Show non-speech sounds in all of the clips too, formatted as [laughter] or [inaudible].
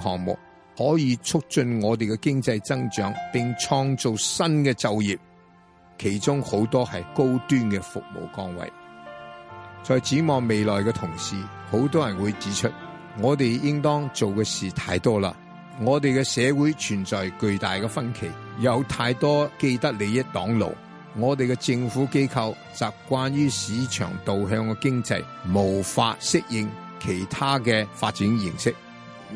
項目可以促進我哋嘅經濟增長，並創造新嘅就業，其中好多係高端嘅服務崗位。在展望未來嘅同時，好多人會指出，我哋應當做嘅事太多啦。我哋嘅社會存在巨大嘅分歧，有太多既得利益擋路。我哋嘅政府機構習慣於市場導向嘅經濟，無法適應其他嘅發展形式。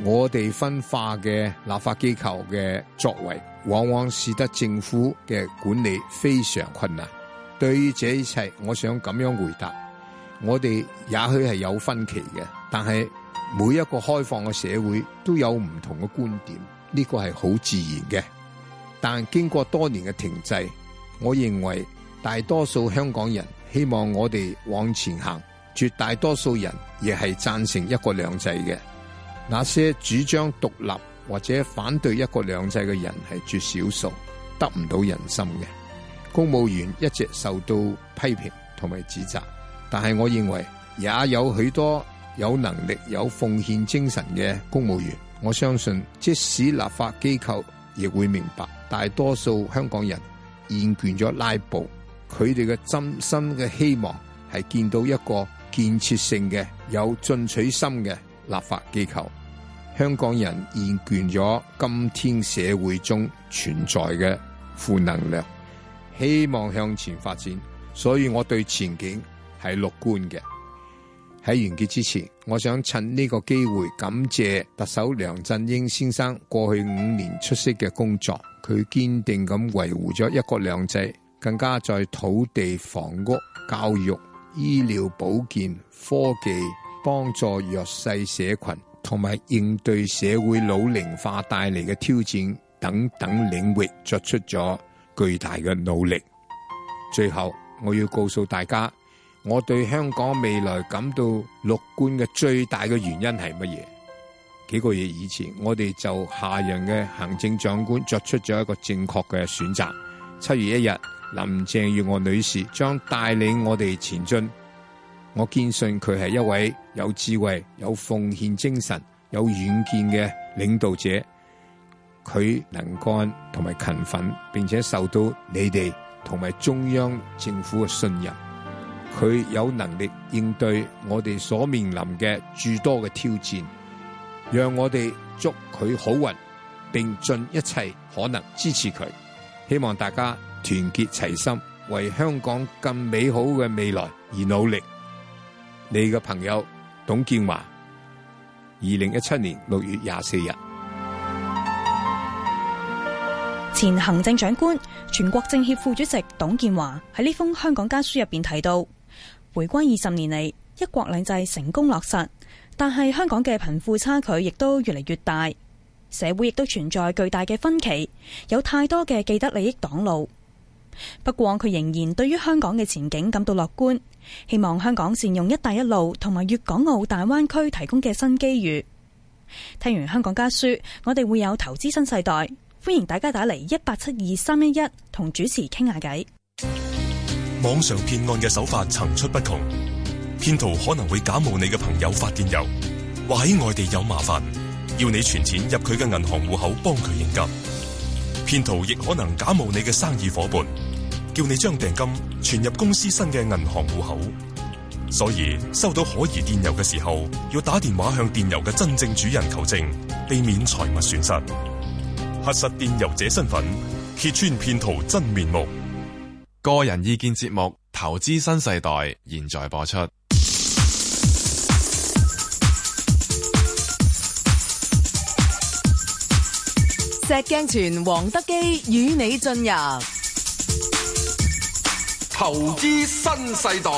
我哋分化嘅立法機構嘅作為，往往使得政府嘅管理非常困難。對於這一切，我想咁樣回答：我哋也許係有分歧嘅，但係每一個開放嘅社會都有唔同嘅觀點，呢個係好自然嘅。但經過多年嘅停滯，我認為大多數香港人希望我哋往前行，絕大多數人亦係贊成一國兩制嘅。那些主張獨立或者反對一國兩制嘅人係絕少數，得唔到人心嘅。公務員一直受到批評同埋指責。但係我認為也有許多有能力、有奉獻精神嘅公務員，我相信即使立法機構亦會明白，大多數香港人厭倦咗拉布，佢哋嘅真心嘅希望係見到一個建設性嘅、有進取心嘅立法機構。香港人厭倦咗今天社會中存在嘅負能量，希望向前發展，所以我對前景係樂觀嘅。喺完結之前，我想趁呢個機會感謝特首梁振英先生過去五年出色嘅工作，佢堅定咁維護咗一國兩制，更加在土地、房屋、教育、醫療、保健、科技幫助弱勢社群。同埋應對社會老齡化帶嚟嘅挑戰等等領域作出咗巨大嘅努力。最後，我要告訴大家，我對香港未來感到樂觀嘅最大嘅原因係乜嘢？幾個月以前，我哋就下任嘅行政長官作出咗一個正確嘅選擇。七月一日，林鄭月娥女士將帶領我哋前進。我堅信佢係一位有智慧、有奉獻精神、有遠見嘅領導者。佢能幹同埋勤奮，並且受到你哋同埋中央政府嘅信任。佢有能力應對我哋所面臨嘅諸多嘅挑戰。讓我哋祝佢好運，並盡一切可能支持佢。希望大家團結齊心，為香港更美好嘅未來而努力。你嘅朋友董建華，二零一七年六月廿四日，前行政長官、全國政協副主席董建華喺呢封香港家書入邊提到，回歸二十年嚟，一國兩制成功落實，但係香港嘅貧富差距亦都越嚟越大，社會亦都存在巨大嘅分歧，有太多嘅既得利益擋路。不過佢仍然對於香港嘅前景感到樂觀。希望香港善用“一帶一路”同埋粵港澳大灣區提供嘅新機遇。聽完香港家書，我哋會有投資新世代，歡迎大家打嚟一八七二三一一同主持傾下偈。網上騙案嘅手法層出不窮，騙徒可能會假冒你嘅朋友發電郵，話喺外地有麻煩，要你存錢入佢嘅銀行戶口幫佢應急。騙徒亦可能假冒你嘅生意夥伴。叫你將訂金存入公司新嘅銀行戶口，所以收到可疑電郵嘅時候，要打電話向電郵嘅真正主人求證，避免財物損失，核實電郵者身份，揭穿騙徒真面目。個人意見節目《投資新世代》現在播出。石鏡泉、王德基與你進入。投資新世代。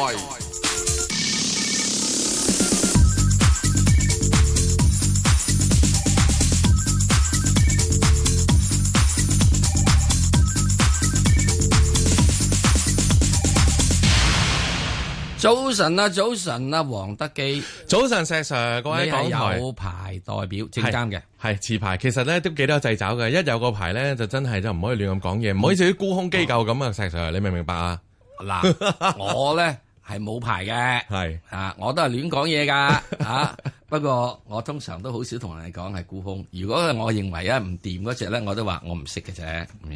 早晨啊，早晨啊，黃德基。早晨石 Sir，各位友友牌代表正針嘅係持牌，其實咧都幾多掣肘嘅。一有個牌咧，就真係就唔可以亂咁講嘢。唔好似啲沽空機構咁啊，石 Sir，你明唔明白啊？嗱，我咧係冇牌嘅，係啊，我都係亂講嘢噶吓。不過我通常都好少同人哋講係沽空，如果我認為啊唔掂嗰隻咧，我都話我唔識嘅啫。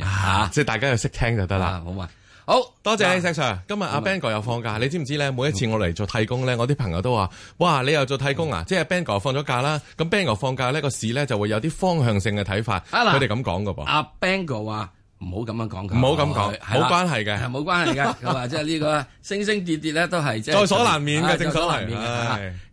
吓，即係大家要識聽就得啦，好嘛？好多謝石 Sir，今日阿 Bang 哥又放假，你知唔知咧？每一次我嚟做替工咧，我啲朋友都話：，哇，你又做替工啊？即係 Bang 哥放咗假啦。咁 Bang 哥放假呢個市咧就會有啲方向性嘅睇法。佢哋咁講噶噃。阿 Bang 哥啊。唔好咁樣講佢，唔好咁講，冇關係嘅，係冇關係嘅。佢話即係呢個升升跌跌咧，都係即係在所難免嘅，在所難免嘅。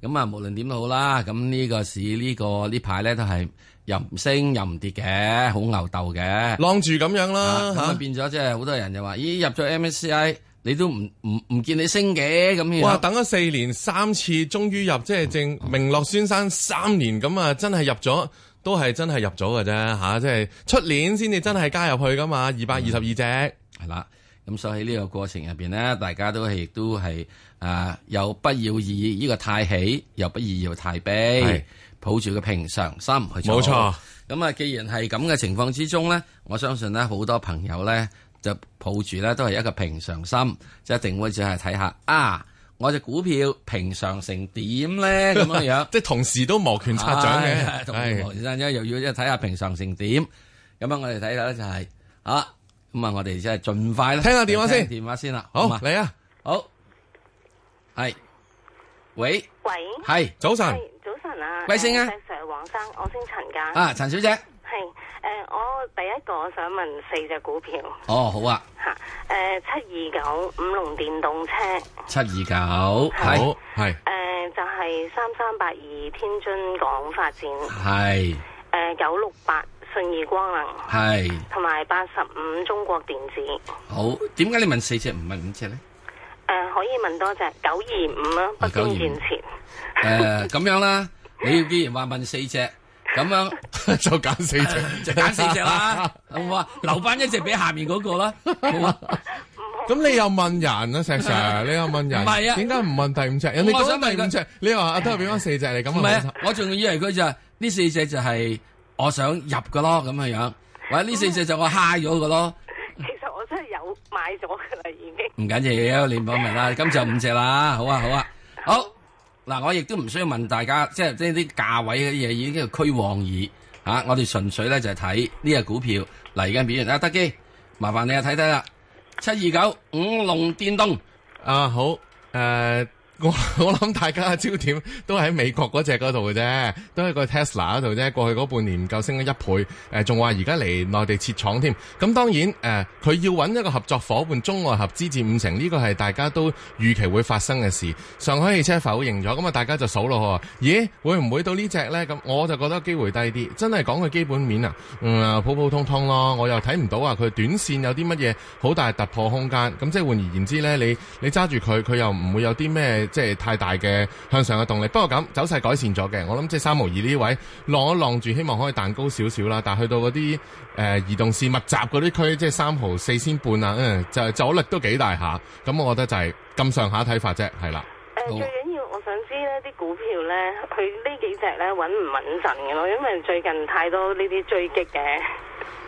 咁啊，無論點都好啦。咁呢個市呢個呢排咧都係又唔升又唔跌嘅，好牛斗嘅，浪住咁樣啦。咁變咗即係好多人就話，咦，入咗 MSCI，你都唔唔唔見你升嘅，咁樣。哇，等咗四年三次，終於入即係正明樂先生三年，咁啊真係入咗。都係真係入咗㗎啫，吓，即係出年先至真係加入去噶嘛，二百二十二隻係啦。咁、嗯、所以呢個過程入邊呢，大家都係亦都係誒，又不要以呢個太喜，又不要太悲，抱住個平常心去做。冇錯。咁啊，既然係咁嘅情況之中呢，我相信呢好多朋友呢，就抱住呢都係一個平常心，即係一定會只係睇下啊。我隻股票平常成點咧咁樣樣，即係同時都摩拳擦掌嘅。係黃先生，因為又要即係睇下平常成點。咁啊，我哋睇下咧就係啊，咁啊，我哋即係盡快啦。聽下電話先，電話先啦。好，嚟啊，好，係，喂，喂，係早晨，早晨啊，貴姓啊？Sir 黃生，我姓陳噶。啊，陳小姐。係。誒、呃，我第一個想問四隻股票。哦，好啊。吓，誒，七二九五龍電動車。七二九，好係。誒、呃，就係三三八二天津港發展。係。誒、呃，九六八信義光能。係。同埋八十五中國電子。好，點解你問四隻唔問五隻咧？誒、呃，可以問多隻九二五啊，北京建設。誒，咁、呃、樣啦，你既然話問四隻。 [laughs] 咁樣就揀四隻，就揀四隻啦。我話留翻一隻俾下面嗰個啦。好啊。 [laughs] 咁你又問人啊，石 Sir，你又問人。唔係 [laughs] 啊，點解唔問第五隻？人哋講第五隻， [laughs] 你又話、啊啊、都係俾翻四隻嚟咁啊？我仲以為佢就係、是、呢四隻就係我想入嘅咯，咁嘅樣。或者呢四隻就我嗨咗嘅咯。其實我真係有買咗嘅啦，已經。唔緊要，你唔好問啦。咁就五隻啦。好啊，好啊，好啊。好啊好啊好啊好啊。嗱，我亦都唔需要問大家，即係即係啲價位嘅嘢已經叫做趨旺爾吓，我哋純粹咧就係睇呢隻股票嚟緊表現啦得基，麻煩你啊睇睇啦，七二九五龍電動啊好誒。呃 [laughs] 我我諗大家嘅焦點都喺美國嗰隻嗰度嘅啫，都係個 Tesla 嗰度啫。過去嗰半年唔夠升咗一倍，誒仲話而家嚟內地設廠添。咁當然誒，佢、呃、要揾一個合作伙伴，中外合資至五成，呢、這個係大家都預期會發生嘅事。上海汽車否認咗，咁啊大家就數咯。咦，會唔會到呢隻呢？咁我就覺得機會低啲。真係講佢基本面啊，誒、嗯、普普通通咯。我又睇唔到啊，佢短線有啲乜嘢好大突破空間。咁即係換而言之呢，你你揸住佢，佢又唔會有啲咩？即係太大嘅向上嘅動力，不過咁走勢改善咗嘅，我諗即係三毫二呢位浪一浪住，希望可以彈高少少啦。但係去到嗰啲誒移動事物集嗰啲區，即係三毫四仙半啊，誒就阻力都幾大下。咁我覺得就係咁上下睇法啫，係啦。誒、呃、最緊要我想知呢啲股票咧，佢呢幾隻咧穩唔穩陣嘅咯？因為最近太多呢啲追擊嘅。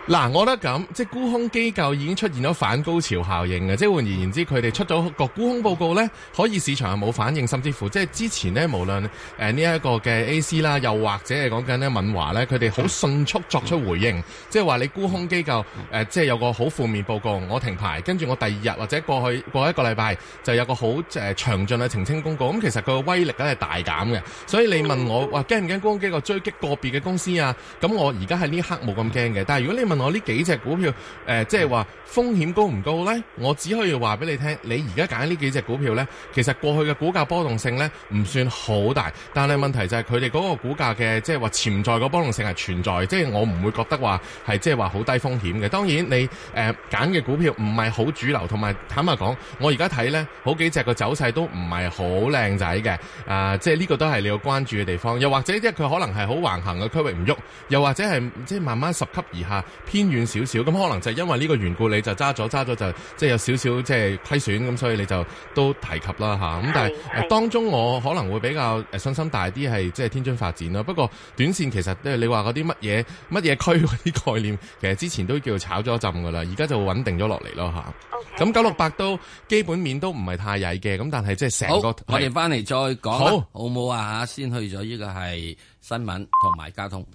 嗱、啊，我覺得咁，即沽空機構已經出現咗反高潮效應嘅，即換而言之，佢哋出咗個沽空報告呢，可以市場係冇反應，甚至乎即之前呢，無論呢一個嘅 A C 啦，又或者係講緊呢敏華呢，佢哋好迅速作出回應，即係話你沽空機構、呃、即有個好負面報告，我停牌，跟住我第二日或者過去過去一個禮拜就有個好誒詳盡嘅澄清公告，咁其實佢嘅威力咧係大減嘅，所以你問我話驚唔驚沽空機構追擊個別嘅公司啊？咁我而家喺呢刻冇咁驚嘅，但如果你問，我呢幾隻股票，誒、呃，即係話風險高唔高呢？我只可以話俾你聽，你而家揀呢幾隻股票呢，其實過去嘅股價波動性呢唔算好大，但係問題就係佢哋嗰個股價嘅即係話潛在個波動性係存在，即係我唔會覺得話係即係話好低風險嘅。當然你誒揀嘅股票唔係好主流，同埋坦白講，我而家睇呢，好幾隻個走勢都唔係好靚仔嘅，啊、呃，即係呢個都係你要關注嘅地方。又或者即係佢可能係好橫行嘅區域唔喐，又或者係即係慢慢十級以下。偏遠少少，咁可能就係因為呢個緣故，你就揸咗揸咗就即係、就是、有少少即係批選咁，所以你就都提及啦，咁，但係當中我可能會比較信心大啲，係即係天津發展啦，不過短線其實即係你話嗰啲乜嘢乜嘢區嗰啲概念，其實之前都叫做炒咗浸噶啦，而家就穩定咗落嚟咯吓，咁九六八都基本面都唔係太曳嘅，咁但係即係成個我哋翻嚟再講好好冇啊，先去咗呢個係新聞同埋交通。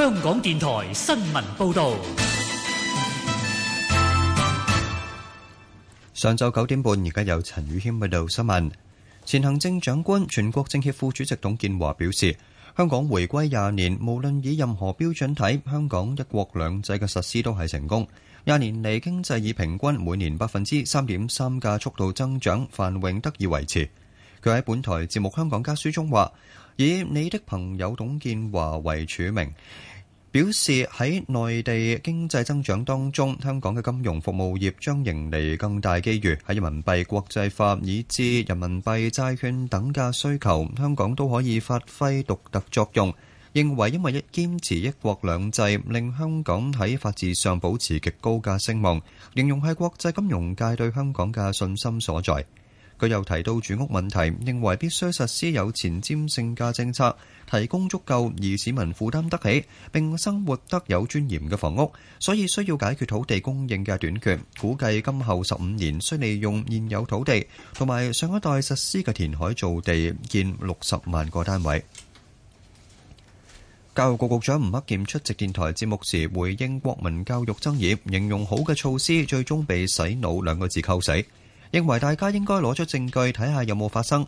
香港電台新聞報導表示喺內地經濟增長當中，香港嘅金融服務業將迎嚟更大機遇。喺人民幣國際化以至人民幣債券等嘅需求，香港都可以發揮獨特作用。認為因為一堅持一國兩制，令香港喺法治上保持極高嘅聲望，形容係國際金融界對香港嘅信心所在。佢又提到住屋問題，認為必須實施有前瞻性嘅政策，提供足夠而市民負擔得起並生活得有尊嚴嘅房屋，所以需要解決土地供應嘅短缺。估計今後十五年需利用現有土地同埋上一代實施嘅填海造地建六十萬個單位。教育局局長吳克儉出席電台節目時回應國民教育爭議，形容好嘅措施最終被洗腦兩個字扣死。認為大家應該攞出證據睇下有冇發生。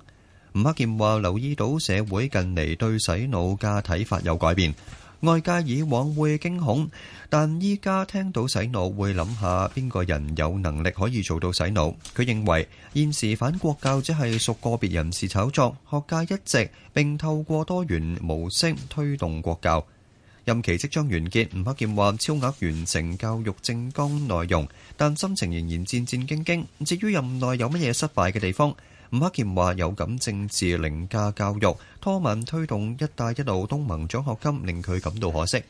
吳克儉話留意到社會近嚟對洗腦嘅睇法有改變，外界以往會驚恐，但依家聽到洗腦會諗下邊個人有能力可以做到洗腦。佢認為現時反國教只係屬個別人士炒作，學界一直並透過多元模式推動國教。任期即將完結，吳克儉話超額完成教育政綱內容，但心情仍然戰戰兢兢。至於任內有乜嘢失敗嘅地方，吳克儉話有感政治凌駕教育，拖慢推動一帶一路東盟獎學金，令佢感到可惜。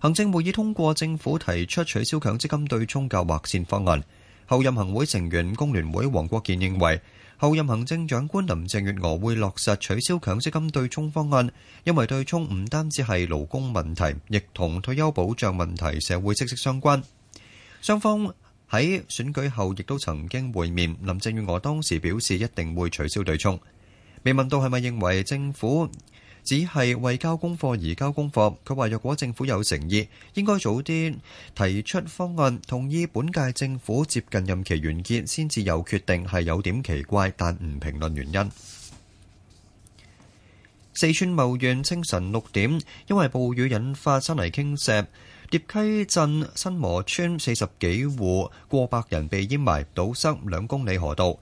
行政會議通過政府提出取消強積金對宗教劃線方案。後任行會成員工聯會黃國健認為。後任行政長官林鄭月娥會落實取消強積金對沖方案，因為對沖唔單止係勞工問題，亦同退休保障問題社會息息相關。雙方喺選舉後亦都曾經會面。林鄭月娥當時表示一定會取消對沖。未問到係咪認為政府只係為交功課而交功課。佢話：若果政府有誠意，應該早啲提出方案。同意本屆政府接近任期完結先至有決定，係有點奇怪。但唔評論原因。四川茂縣清晨六點，因為暴雨引發山泥傾瀉，疊溪鎮新磨村四十幾戶過百人被淹埋，堵塞兩公里河道。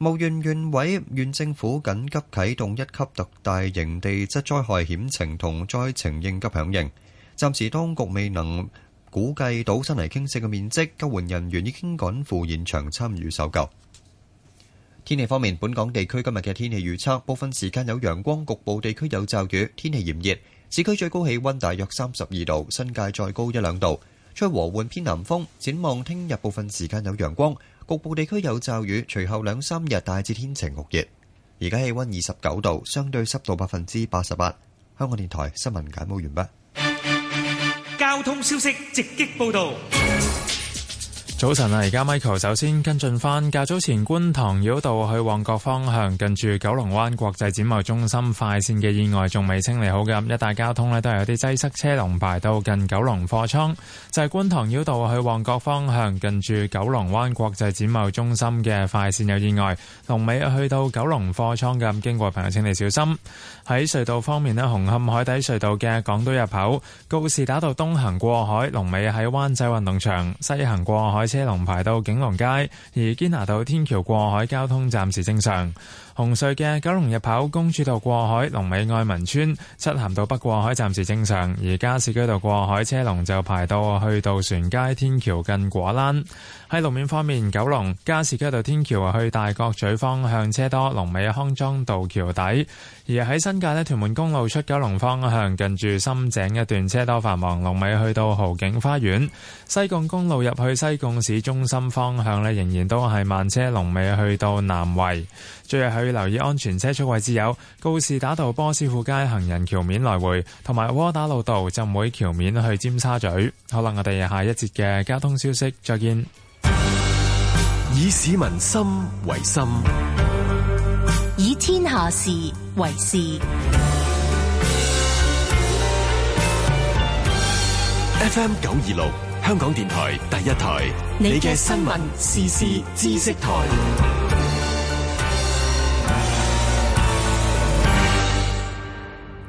茂縣縣委縣政府緊急啟動一級特大型地質災害險情同災情應急響應。暫時當局未能估計到山泥傾瀉嘅面積，救援人員已經趕赴現場參與搜救。天氣方面，本港地區今日嘅天氣預測，部分時間有陽光，局部地區有驟雨，天氣炎熱，市區最高氣溫大約三十二度，新界再高一兩度，吹和緩偏南風。展望聽日部分時間有陽光，局部地區有驟雨，隨後兩三日大致天晴酷熱。而家氣温二十九度，相對濕度百分之八十八。香港電台新聞簡報完畢。交通消息直擊報導。早晨啊！而家 Michael 首先跟進翻，較早前觀塘繞道去旺角方向，近住九龍灣國際展貿中心快線嘅意外，仲未清理好，咁一帶交通咧都係有啲擠塞，車龍排到近九龍貨倉。就係觀塘繞道去旺角方向，近住九龍灣國際展貿中心嘅快線有意外，龍尾去到九龍貨倉，咁經過朋友請你小心。喺隧道方面咧，紅磡海底隧道嘅港島入口，告士打道東行過海，龍尾喺灣仔運動場；西行過海。車龍排到景隆街，而堅拿道天橋，過海交通暫時正常。紅隧嘅九龍入口，公主道過海，龍尾愛民村、漆咸道北過海暫時正常，而加士居道過海車龍就排到去渡船街天橋近果欄。喺路面方面，九龍加士居道天橋去大角咀方向車多，龍尾康莊道橋底。而喺新界呢屯門公路出九龍方向，近住深井一段車多繁忙，龍尾去到豪景花園；西貢公路入去西貢市中心方向呢，仍然都係慢車，龍尾去到南圍。最後去留意安全車速位置有告士打道、波斯富街行人橋面來回，同埋窩打老道浸會橋面去尖沙咀。好啦，我哋下一節嘅交通消息，再見。以市民心為心。天下事為事，FM 九二六香港電台第一台，你嘅新聞時事知識台。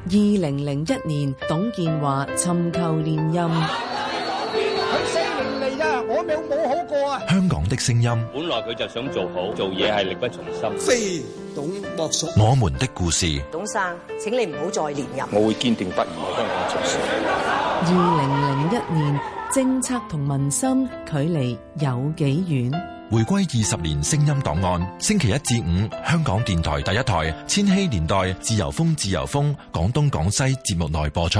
二零零一年，董建華尋求連任。香港的聲音，本來佢就想做好，做嘢係力不從心。非董莫屬，我們的故事，董生，請你唔好再連任。我會堅定不移，我我做事。二零零一年，政策同民心距離有幾遠？回歸二十年聲音檔案，星期一至五，香港電台第一台千禧年代自由風，自由風廣東廣西節目內播出。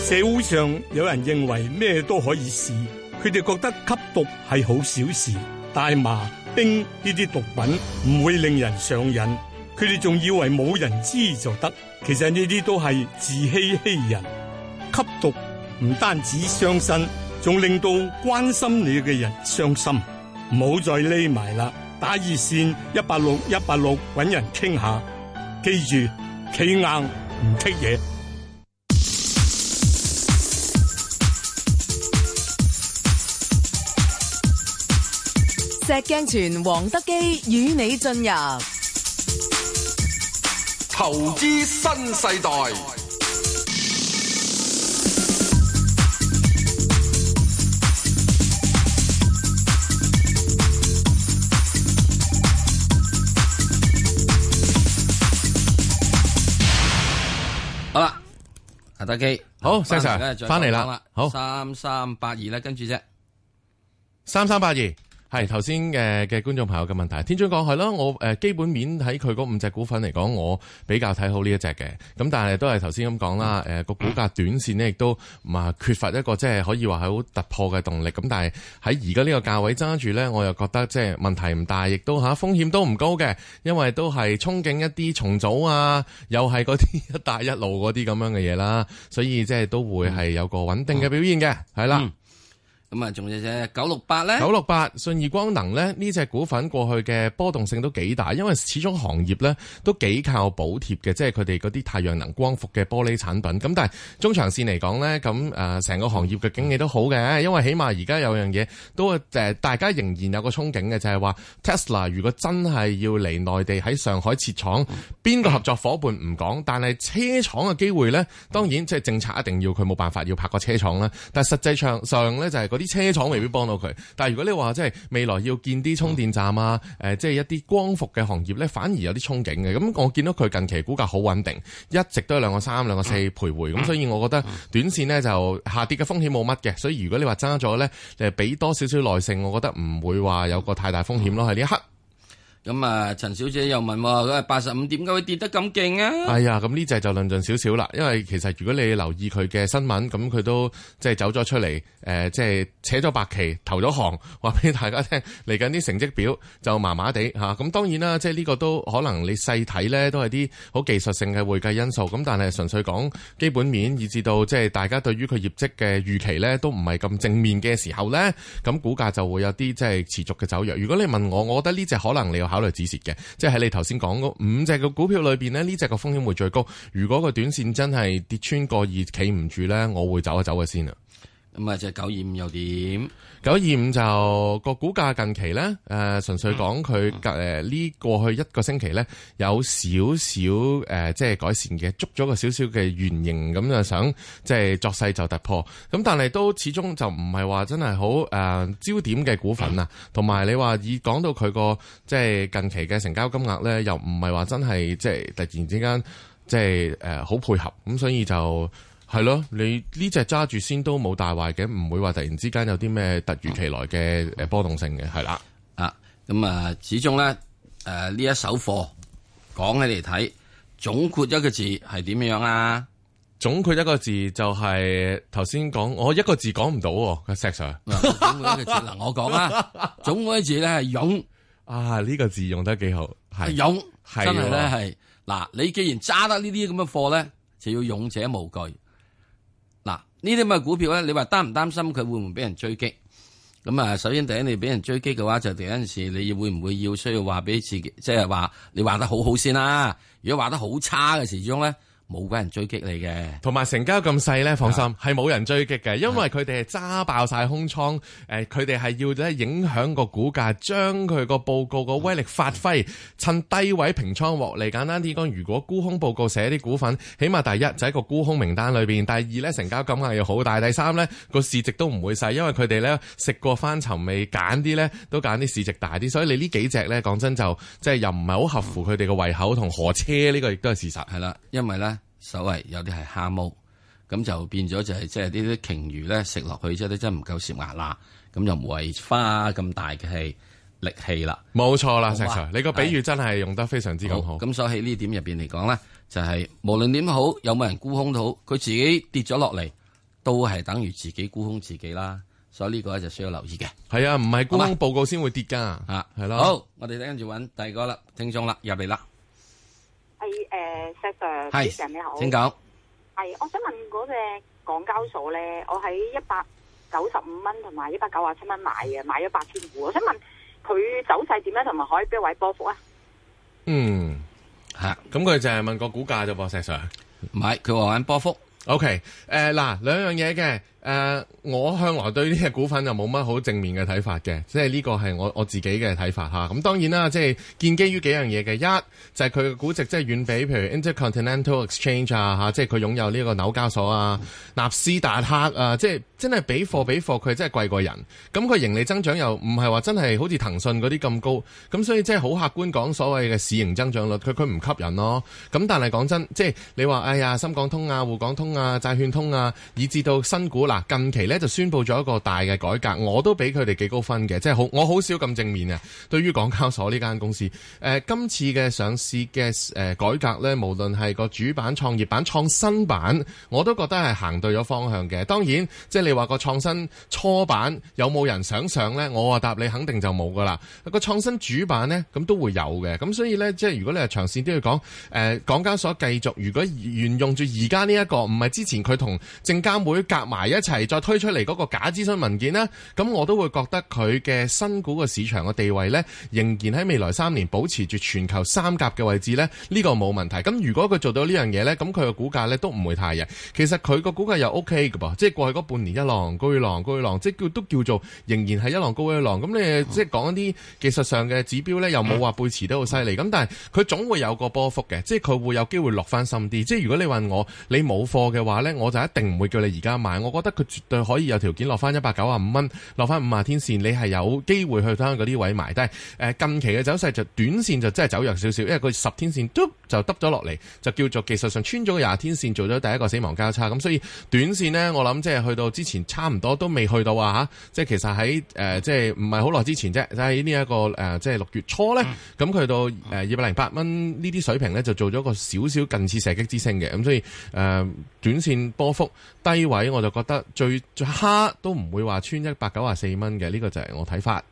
社會上有人認為咩都可以試。佢哋覺得吸毒係好小事，大麻、冰呢啲毒品唔會令人上癮，佢哋仲以為冇人知就得。其實呢啲都係自欺欺人。吸毒唔單止傷身，仲令到關心你嘅人傷心。唔好再匿埋啦，打熱線 186, 186, 一八六一八六搵人傾下。記住，企硬唔 take 嘢。石鏡泉、黃德基與你進入投資新世代。好啦，阿德基，好，石 Sir，翻嚟啦，好，三三八二啦，3, 3, 8, 2, 跟住啫，三三八二。係頭先嘅嘅觀眾朋友嘅問題，天津港係咯，我誒、呃、基本面喺佢嗰五隻股份嚟講，我比較睇好呢一隻嘅。咁但係都係頭先咁講啦，誒、呃、個股價短線呢亦都唔啊缺乏一個即係可以話係好突破嘅動力。咁但係喺而家呢個價位揸住咧，我又覺得即係問題唔大，亦都吓、啊、風險都唔高嘅，因為都係憧憬一啲重組啊，又係嗰啲一帶一路嗰啲咁樣嘅嘢啦，所以即係都會係有個穩定嘅表現嘅，係啦。嗯咁啊，仲有隻九六八咧，九六八信義光能咧呢隻股份過去嘅波動性都幾大，因為始終行業咧都幾靠補貼嘅，即係佢哋嗰啲太陽能光伏嘅玻璃產品。咁但係中長線嚟講咧，咁誒成個行業嘅景氣都好嘅，因為起碼而家有樣嘢都誒大家仍然有個憧憬嘅就係話 Tesla 如果真係要嚟內地喺上海設廠，邊個合作伙伴唔講，但係車廠嘅機會咧，當然即係政策一定要佢冇辦法要拍個車廠啦。但係實際上上咧就係啲車廠未必幫到佢，但係如果你話即係未來要建啲充電站啊，誒、呃，即係一啲光伏嘅行業呢，反而有啲憧憬嘅。咁我見到佢近期股價好穩定，一直都有兩個三、兩個四徘徊。咁、嗯、所以我覺得短線呢就下跌嘅風險冇乜嘅。所以如果你話揸咗呢，誒，俾多少少耐性，我覺得唔會話有個太大風險咯。喺呢一刻。咁啊，陳小姐又問，啊，佢係八十五點，點解會跌得咁勁啊？哎呀，咁呢隻就論盡少少啦。因為其實如果你留意佢嘅新聞，咁佢都即係、就是、走咗出嚟，誒、呃，即、就、係、是、扯咗白旗，投咗降，話俾大家聽嚟緊啲成績表就麻麻地吓。咁、啊、當然啦，即係呢個都可能你細睇咧，都係啲好技術性嘅會計因素。咁但係純粹講基本面，以至到即係大家對於佢業績嘅預期咧，都唔係咁正面嘅時候咧，咁股價就會有啲即係持續嘅走弱。如果你問我，我覺得呢隻可能你考慮止蝕嘅，即係喺你頭先講嗰五隻嘅股票裏邊呢，呢隻嘅風險會最高。如果個短線真係跌穿個二企唔住咧，我會走一走啊先啊。咁係就九二五又點？九二五就，個股價近期咧，誒、呃、純粹講佢呢過去一個星期咧，有少少誒即係改善嘅，捉咗個少少嘅圓形咁，就想即係作勢就突破。咁但係都始終就唔係話真係好誒，呃、焦點嘅股份啊。同埋你話以講到佢個即係近期嘅成交金額咧，又唔係話真係即係突然之間即係誒好配合咁，所以就。係咯，你呢隻揸住先都冇大壞嘅，唔會話突然之間有啲咩突如其來嘅誒波動性嘅，係啦。啊，咁啊、呃，始終咧誒呢、呃、一首貨講起嚟睇，總括一個字係點樣啊？總括一個字就係頭先講， [laughs] 我一個字講唔到，石 Sir，嗱我講啦，總括一個字咧，勇啊呢、這個字用得幾好，係勇，真係咧係嗱。你既然揸得呢啲咁嘅貨咧，就要勇者無懼。呢啲咪股票咧？你話擔唔擔心佢會唔會俾人追擊？咁啊，首先第一你俾人追擊嘅話，就第一陣時你會唔會要需要話俾自己，即係話你話得好好先啦、啊。如果話得好差嘅時中咧？冇鬼人追擊你嘅，同埋成交咁細呢，放心係冇人追擊嘅，因為佢哋係揸爆晒空倉，誒，佢哋係要咧影響個股價，將佢個報告個威力發揮，趁低位平倉獲利。簡單啲講，如果沽空報告寫啲股份，起碼第一就喺個沽空名單裏邊，第二呢成交金額又好大，第三呢個市值都唔會細，因為佢哋呢食過翻尋味，揀啲呢都揀啲市值大啲，所以你呢幾隻呢，講真就即係又唔係好合乎佢哋嘅胃口同何車呢、這個亦都係事實。係啦，因為呢所謂有啲係蝦毛，咁就變咗就係即係呢啲鯨魚咧，食落去之後，真係唔夠蝕牙啦，咁就唔會花咁大嘅氣力氣啦。冇錯啦石 Sir 你個比喻真係用得非常之咁好。咁所以呢點入邊嚟講咧，就係、是、無論點好，有冇人沽空到，佢自己跌咗落嚟，都係等於自己沽空自己啦。所以呢個咧就需要留意嘅。係啊，唔係沽空報告先會跌噶，吓，係咯。好，我哋跟住搵第二個啦，聽眾啦，入嚟啦。誒，石 Sir，先生你好，請講。係，我想問嗰隻港交所咧，我喺一百九十五蚊同埋一百九啊七蚊買嘅，買咗八千股，我想問佢走勢點樣，同埋可以邊位波幅啊？嗯，吓，咁佢就係問個股價啫噃，石 Sir，唔係，佢話玩波幅。OK，誒，嗱，兩樣嘢嘅。誒、uh，我向來對呢隻股份就冇乜好正面嘅睇法嘅，即係呢個係我我自己嘅睇法咁、啊、當然啦，即、就、係、是、建基於幾樣嘢嘅，一就係佢嘅估值即係遠比譬如 Intercontinental Exchange 啊，啊即係佢擁有呢個紐交所啊、納斯達克啊，啊即係真係俾貨俾貨，佢真係貴過人。咁、啊、佢盈利增長又唔係話真係好似騰訊嗰啲咁高，咁、啊、所以即係好客觀講所謂嘅市盈增長率，佢佢唔吸引咯。咁、啊、但係講真，即係你話哎呀，深港通啊、滬港通啊、債券通啊，以至到新股。嗱，近期咧就宣布咗一個大嘅改革，我都俾佢哋幾高分嘅，即係好，我好少咁正面呀對於港交所呢間公司。誒、呃，今次嘅上市嘅、呃、改革咧，無論係個主板、創業板、創新板，我都覺得係行對咗方向嘅。當然，即係你話個創新初板有冇人想上咧？我話答你，肯定就冇噶啦。個創新主板咧，咁都會有嘅。咁所以咧，即係如果你係長線都要講，誒、呃、港交所繼續如果沿用住而家呢一個，唔係之前佢同證監會夾埋一一齊再推出嚟嗰個假諮詢文件咧，咁我都會覺得佢嘅新股嘅市場嘅地位呢，仍然喺未來三年保持住全球三甲嘅位置呢。呢、呢個冇問題。咁如果佢做到呢樣嘢呢，咁佢嘅股價呢都唔會太弱。其實佢個股價又 OK 㗎噃，即係過去嗰半年一浪高一浪高一浪，即係叫都叫做仍然係一浪高一浪。咁你即係講一啲技術上嘅指標呢，又冇話背馳得好犀利。咁、嗯、但係佢總會有個波幅嘅，即係佢會有機會落翻深啲。即係如果你問我，你冇貨嘅話呢，我就一定唔會叫你而家買。我覺得。佢絕對可以有條件落翻一百九啊五蚊，落翻五啊天線，你係有機會去睇嗰啲位埋低。誒、呃、近期嘅走勢就短線就真係走弱少少，因為佢十天線嘟就耷咗落嚟，就叫做技術上穿咗個廿天線，做咗第一個死亡交叉。咁所以短線呢，我諗即係去到之前差唔多都未去到啊嚇。即、就、係、是、其實喺誒即係唔係好耐之前啫，喺呢一個誒即係六月初呢。咁、嗯、佢到誒二百零八蚊呢啲水平呢，就做咗一個少少近似射擊之星嘅。咁所以誒、呃、短線波幅低位我就覺得。最最黑都唔會話穿一百九啊四蚊嘅，呢、這個就係我睇法。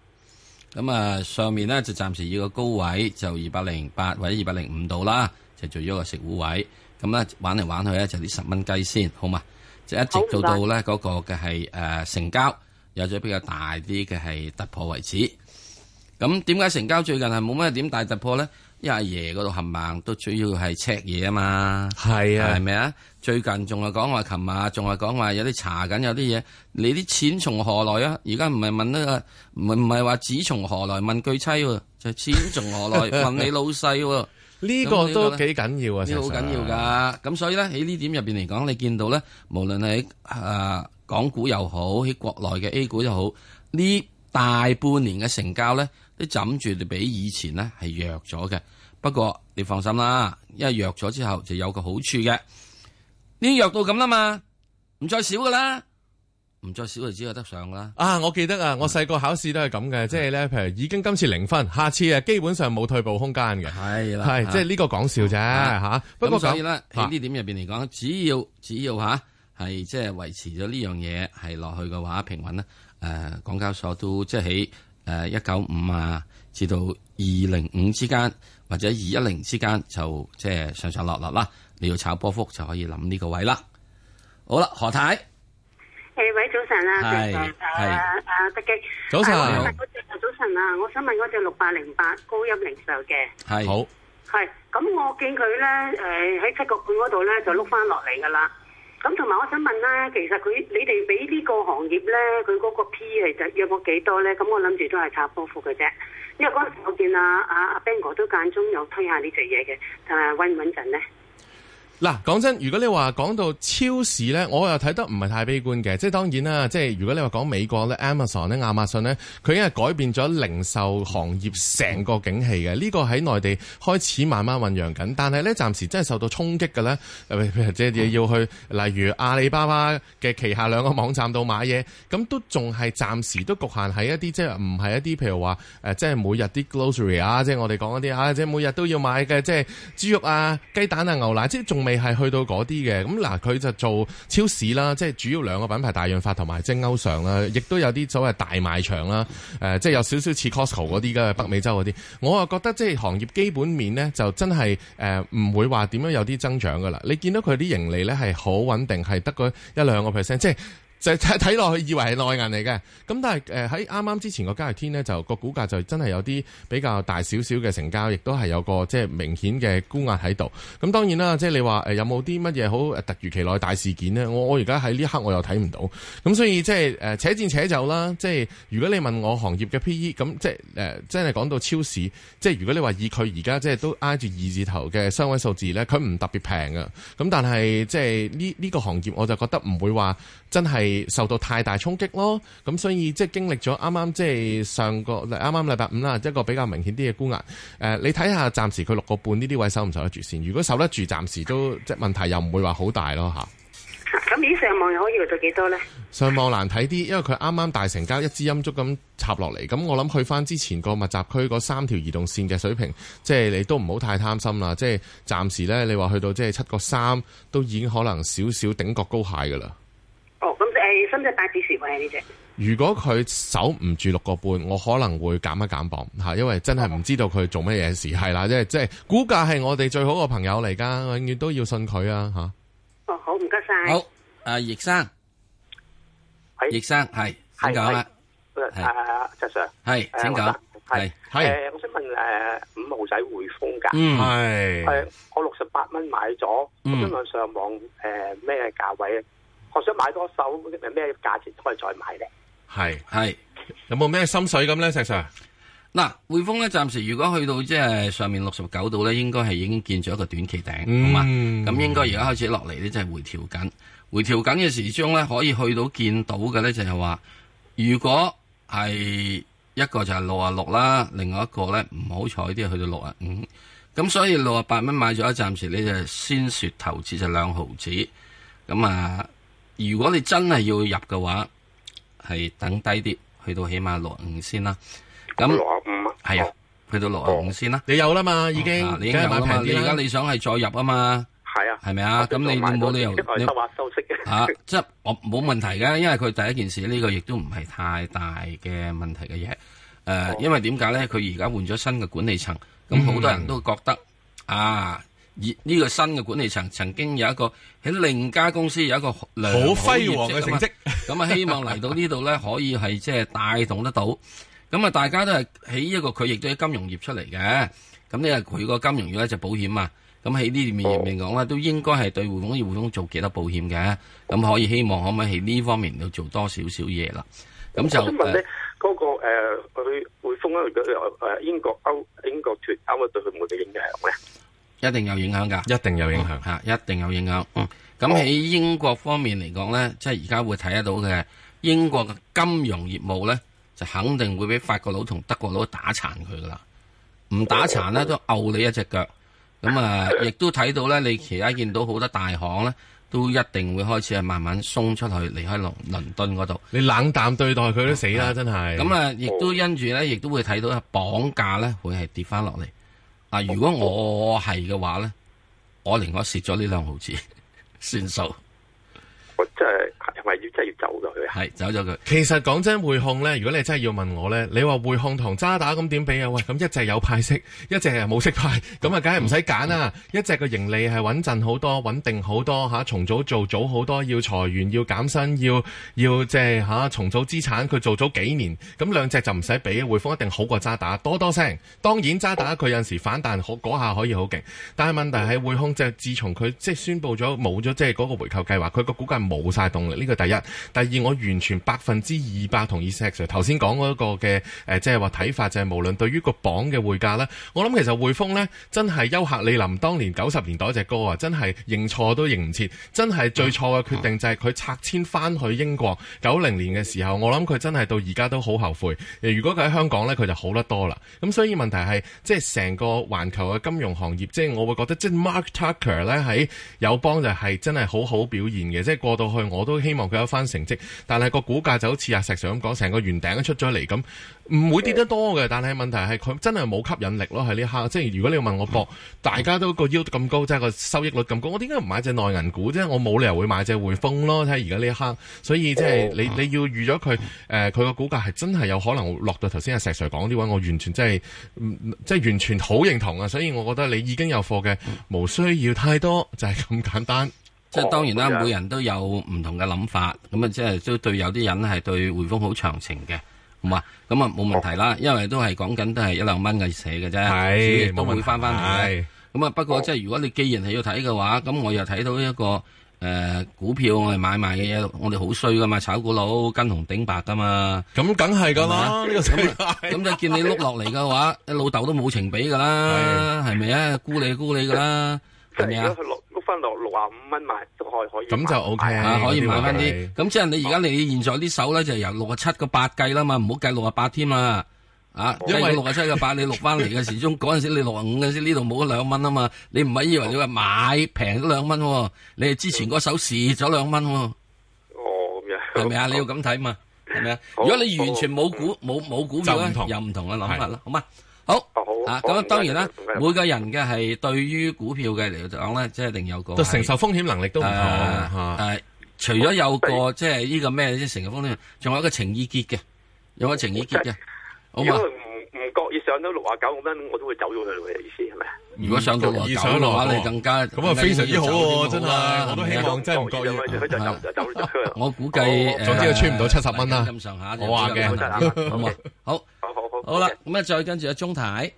咁啊，上面呢就暫時要個高位就二百零八或者二百零五度啦，就做咗個食糊位。咁呢，玩嚟玩去呢，就啲十蚊雞先，好嘛？即係一直做到呢嗰、那個嘅係誒成交有咗比較大啲嘅係突破為止。咁點解成交最近係冇咩點大突破呢？因為阿爺嗰度冚唪唥都主要係赤嘢啊嘛，係是啊，係咪啊？最近仲係講話，琴晚仲係講話，有啲查緊有啲嘢，你啲錢從何來啊？而家唔係問呢個，唔唔係話紙從何來問巨妻，啊，就係錢從何來問你老細，呢個都幾緊要啊！ [laughs] 個呢啲好緊要噶，咁所以咧喺呢點入邊嚟講，你見到咧，無論係誒港股又好，喺國內嘅 A 股又好，呢大半年嘅成交咧。啲枕住你比以前咧係弱咗嘅，不過你放心啦，因為弱咗之後就有個好處嘅，已經弱到咁啦嘛，唔再少噶啦，唔再少就只有得上啦。啊，我記得啊，我細個考試都係咁嘅，即係咧，譬如已經今次零分，下次啊基本上冇退步空間嘅。係啦，係即係呢個講笑啫吓、啊啊。不過所以咧喺呢點入邊嚟講，只要只要吓係即係維持咗呢樣嘢係落去嘅話，平穩啦。誒、啊，港交所都即係。喺誒、uh,，一九五啊，至到二零五之間或者二一零之間就即係上上落落啦。你要炒波幅就可以諗呢個位啦。好啦，何太？誒、hey,，位早晨啊，係係，啊，德基、啊。早晨、哎。早晨啊，我想問嗰隻六百零八高音零售嘅。係。好。係，咁我見佢咧，誒、呃，喺七個半嗰度咧就碌翻落嚟噶啦。咁同埋我想問啦、啊，其實佢你哋俾呢個行業咧，佢嗰個 P 其實約過幾多咧？咁我諗住都係插波幅嘅啫，因為嗰陣時我見啊阿阿 Ben 哥都間中有推下呢隻嘢嘅，但係穩唔穩陣咧？嗱，講真，如果你話講到超市咧，我又睇得唔係太悲觀嘅，即係當然啦，即係如果你話講美國咧，Amazon 咧，亞馬遜咧，佢已經係改變咗零售行業成個景氣嘅。呢個喺內地開始慢慢醖釀緊，但係咧暫時真係受到衝擊嘅咧，即係要去例如阿里巴巴嘅旗下兩個網站度買嘢，咁都仲係暫時都局限喺一啲即係唔係一啲，譬如話誒，即係每日啲 grocery 啊，即係我哋講嗰啲啊，即係每日都要買嘅，即係豬肉啊、雞蛋啊、牛奶，即係仲。未係去到嗰啲嘅，咁嗱佢就做超市啦，即係主要兩個品牌大潤發同埋正歐尚啦，亦都有啲所謂大賣場啦，呃，即係有少少似 Costco 嗰啲嘅北美洲嗰啲。我啊覺得即係行業基本面呢，就真係誒唔會話點樣有啲增長噶啦，你見到佢啲盈利呢，係好穩定，係得個一兩個 percent，即係。就睇落去，以為係內銀嚟嘅。咁但係誒喺啱啱之前個交易天呢，就個股價就真係有啲比較大少少嘅成交，亦都係有個即係明顯嘅沽壓喺度。咁、嗯、當然啦，即係你話、呃、有冇啲乜嘢好突如其來大事件呢？我我而家喺呢一刻我又睇唔到。咁、嗯、所以即係、呃、扯且戰且走啦。即係如果你問我行業嘅 PE，咁即係誒、呃、真係講到超市。即係如果你話以佢而家即係都挨住二字頭嘅雙位數字呢，佢唔特別平啊。咁、嗯、但係即係呢呢個行業，我就覺得唔會話真係。受到太大衝擊咯，咁所以即係經歷咗啱啱即係上個啱啱禮拜五啦，一個比較明顯啲嘅估壓。誒，你睇下暫時佢六個半呢啲位收唔收得住先。如果守得住，暫時都即係問題又唔會話好大咯吓，咁、啊、以上網又可以去到幾多呢？上網難睇啲，因為佢啱啱大成交一支陰燭咁插落嚟。咁我諗去翻之前個密集區嗰三條移動線嘅水平，即係你都唔好太貪心啦。即係暫時呢，你話去到即係七個三，都已經可能少少頂角高蟹噶啦。新只大指示位呢隻，如果佢守唔住六個半，我可能會減一減磅吓，因為真係唔知道佢做乜嘢事係啦，即係即係股價係我哋最好個朋友嚟噶，我永遠都要信佢啊吓。哦，好唔該晒。好，阿、呃、易生，係易生係，係講啦，係、呃呃，請係、呃、我想問誒、呃、五號仔匯豐噶，係、嗯呃，我六十八蚊買咗，今、嗯、日上網誒咩價位？我想買多手，有咩價錢可以再買咧？係係，有冇咩心水咁咧？石 Sir，嗱，匯豐咧暫時如果去到即係、就是、上面六十九度咧，應該係已經見咗一個短期頂，嗯、好嘛？咁應該而家開始落嚟咧，即、就、係、是、回調緊。回調緊嘅時候咧，可以去到見到嘅咧，就係、是、話，如果係一個就係六啊六啦，另外一個咧唔好彩啲去到六啊五，咁所以六啊八蚊買咗，暫時你就先説投資就兩、是、毫子，咁啊。如果你真係要入嘅話，係等低啲，去到起碼六五先啦。咁六五係係啊、哦，去到六五先啦。5. 你有啦嘛、哦，已經，啊、你已經平啦，而家你想係再入啊嘛？係啊，係咪啊？咁你冇理由你收畫收息。吓、啊，即係我冇問題嘅，因為佢第一件事呢、呢個亦都唔係太大嘅問題嘅嘢。誒、哦，因為點解咧？佢而家換咗新嘅管理層，咁、嗯、好、嗯、多人都會覺得啊。呢、這個新嘅管理層曾經有一個喺另一家公司有一個好輝煌嘅成績，咁 [laughs] 啊希望嚟到呢度咧可以係即係帶動得到，咁啊大家都係喺一個佢亦都係金融業出嚟嘅，咁呢啊佢個金融業咧就是保險啊，咁喺呢啲面嚟講咧都應該係對匯豐匯豐，匯豐做幾多少保險嘅，咁可以希望可唔可以喺呢方面度做多少少嘢啦？咁就我想問咧，嗰、啊那個誒，佢、呃、匯豐咧，誒英國歐英國脫歐對佢冇咩影響咧？一定有影響噶，一定有影響吓、嗯，一定有影響。咁、嗯、喺英國方面嚟講呢，oh. 即係而家會睇得到嘅英國嘅金融業務呢，就肯定會俾法國佬同德國佬打殘佢噶啦。唔打殘呢，都拗你一隻腳。咁啊，亦都睇到呢，你其他見到好多大行呢，都一定會開始係慢慢鬆出去，離開倫倫敦嗰度。你冷淡對待佢都死啦，oh. 真係。咁啊，亦都因住呢，亦都會睇到啊，鎊價呢會係跌翻落嚟。啊，如果我係嘅話咧，我寧可蝕咗呢兩毫紙算數，我即係係咪？就係要走咗佢，走咗佢。其實講真，匯控呢，如果你真係要問我呢，你話匯控同渣打咁點比啊？喂，咁一隻有派息，一隻又冇息派，咁啊，梗係唔使揀啦。一隻個盈利係穩陣好多，穩定好多嚇、啊，重組做早好多，要裁員要減薪，要要即係嚇重組資產，佢做早幾年，咁兩隻就唔使比，匯豐一定好過渣打多多聲。當然渣打佢有陣時反彈，嗰下可以好勁，但係問題係匯控即係自從佢即係宣布咗冇咗即係嗰個回購計劃，佢個股價冇晒動力，呢個第一。第二，我完全百分之二百同意 Sir 頭先講嗰個嘅即係話睇法就係、是、無論對於個榜嘅匯價啦。我諗其實匯豐呢，真係優客李林當年九十年代隻歌啊，真係認錯都認唔切，真係最錯嘅決定就係佢拆遷翻去英國九零年嘅時候，我諗佢真係到而家都好後悔。如果佢喺香港呢，佢就好得多啦。咁所以問題係即係成個環球嘅金融行業，即係我會覺得即係 Mark Tucker 呢，喺友邦就係真係好好表現嘅，即係過到去我都希望佢有成績，但係個股價就好似阿石 Sir 咁講，成個圓頂都出咗嚟咁，唔會跌得多嘅。但係問題係佢真係冇吸引力咯。喺呢一刻，即係如果你要問我搏，大家都個 yield 咁高，即係個收益率咁高，我點解唔買隻內銀股？即係我冇理由會買隻匯豐咯。睇下而家呢一刻，所以即係哦、你你要預咗佢誒，佢、呃、個股價係真係有可能落到頭先阿石 Sir 講啲話。我完全真係即係完全好認同啊！所以我覺得你已經有貨嘅，冇需要太多，就係咁簡單。即係當然啦，每人都有唔同嘅諗法，咁啊即係都對有啲人係對匯豐好長情嘅，唔嘛，咁啊冇問題啦、哦，因為都係講緊都係一兩蚊嘅寫嘅啫，都會翻翻嚟。咁啊，不過、哦、即係如果你既然係要睇嘅話，咁我又睇到一個誒、呃、股票我哋買賣嘅嘢，我哋好衰噶嘛，炒股佬跟紅頂白噶嘛，咁梗係噶啦，咁、這個嗯、 [laughs] 就見你碌落嚟嘅話，你老豆都冇情俾噶啦，係咪啊？估你估你噶啦，係咪啊？孤里孤里 [laughs] 分落六啊五蚊買，都可可以買，係、OK, 啊，可以買翻啲。咁即係你而家你現在呢手咧就由六啊七個八計啦嘛，唔好計六啊八添嘛。啊，因為六啊七個八你錄翻嚟嘅，始終嗰陣時你六啊五嘅，呢度冇咗兩蚊啊嘛。你唔係以為你話買平咗兩蚊，你係之前嗰手蝕咗兩蚊。哦，咁樣係咪啊？你要咁睇嘛，係咪啊？如果你完全冇估，冇冇股票有唔同嘅諗法啦。好嘛，好。哦。嗱、啊，咁當當然啦，每個人嘅係對於股票嘅嚟講咧，即係一定有，一個、呃呃呃、有一個，就承受風險能力都唔同。誒，除咗有個即係呢個咩咧承受風險，仲有一個情意結嘅，有一個情意結嘅。如果唔唔覺意上到六啊九，咁真我都會走咗佢嘅意思係咪？如果上到六啊九嘅話，你更加咁啊，非常之好喎！真係，我都希望真係唔覺意。啊啊啊、我估計、啊、總之佢穿唔到七十蚊啦。咁上下，我話嘅。好啊， [laughs] 好，好好啦，咁啊，再跟住阿鐘太。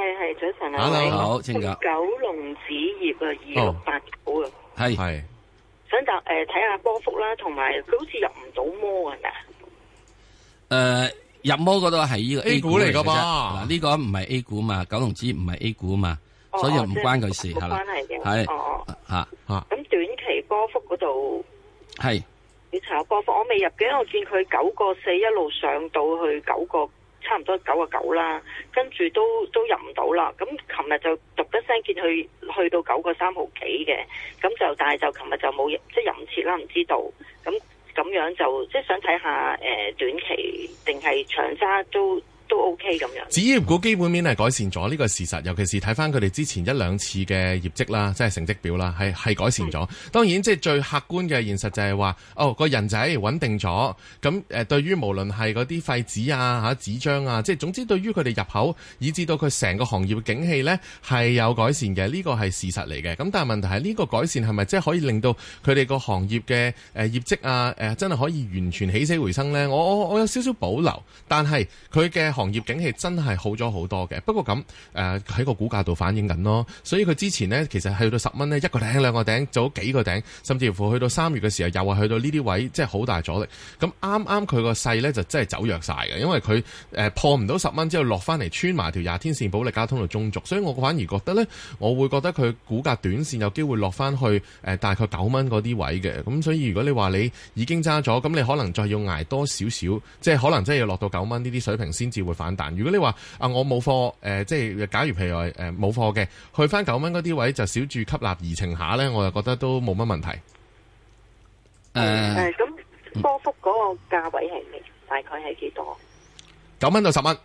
係係，早晨啊，你好，九龍子業啊，二六八九啊，係、oh, 係想就誒睇下波幅啦，同埋佢好似入唔到魔啊，誒、uh, 入魔嗰度係呢個 A 股嚟噶嘛？嗱、這、呢個唔係 A 股嘛，九龍子業唔係 A 股嘛，oh, 所以又唔關佢事係嘛？係哦吓吓，咁、哦、短期波幅嗰度係你查下波幅，我未入嘅，我見佢九個四一路上到去九個。差唔多九啊九啦，跟住都都入唔到啦。咁琴日就突得聲見去去到九個三毫幾嘅，咁就但係就琴日就冇即係入唔切啦，唔、就是、知道。咁咁樣就即係、就是、想睇下誒、呃，短期定係長揸都都 OK 咁樣，紙業股基本面係改善咗，呢個事實，尤其是睇翻佢哋之前一兩次嘅業績啦，即係成績表啦，係係改善咗。當然，即係最客觀嘅現實就係話哦，個人仔穩定咗。咁誒對於無論係嗰啲廢紙啊、吓、啊、紙張啊，即係總之，對於佢哋入口，以至到佢成個行業嘅景氣咧，係有改善嘅。呢、這個係事實嚟嘅。咁但係問題係呢、這個改善係咪即係可以令到佢哋個行業嘅誒、呃、業績啊誒、呃、真係可以完全起死回生咧？我我我有少少保留，但係佢嘅。行業景氣真係好咗好多嘅，不過咁誒喺個股價度反映緊咯，所以佢之前呢，其實去到十蚊呢一個頂兩個頂，做幾個頂，甚至乎去到三月嘅時候又係去到呢啲位，即係好大阻力。咁啱啱佢個勢呢就真係走弱晒嘅。因為佢誒、呃、破唔到十蚊之後落翻嚟穿埋條廿天線，保力加通道中軸，所以我反而覺得呢，我會覺得佢股價短線有機會落翻去誒、呃、大概九蚊嗰啲位嘅。咁所以如果你話你已經揸咗，咁你可能再要捱多少少，即、就、係、是、可能真係要落到九蚊呢啲水平先至會會反彈。如果你話啊，我冇貨，誒、呃，即係假如譬如誒冇貨嘅，去翻九蚊嗰啲位就少注吸納移情下咧，我就覺得都冇乜問題。誒、嗯，咁、嗯、波、嗯、幅嗰個價位係咩？大概係幾多？九、嗯、蚊到十蚊，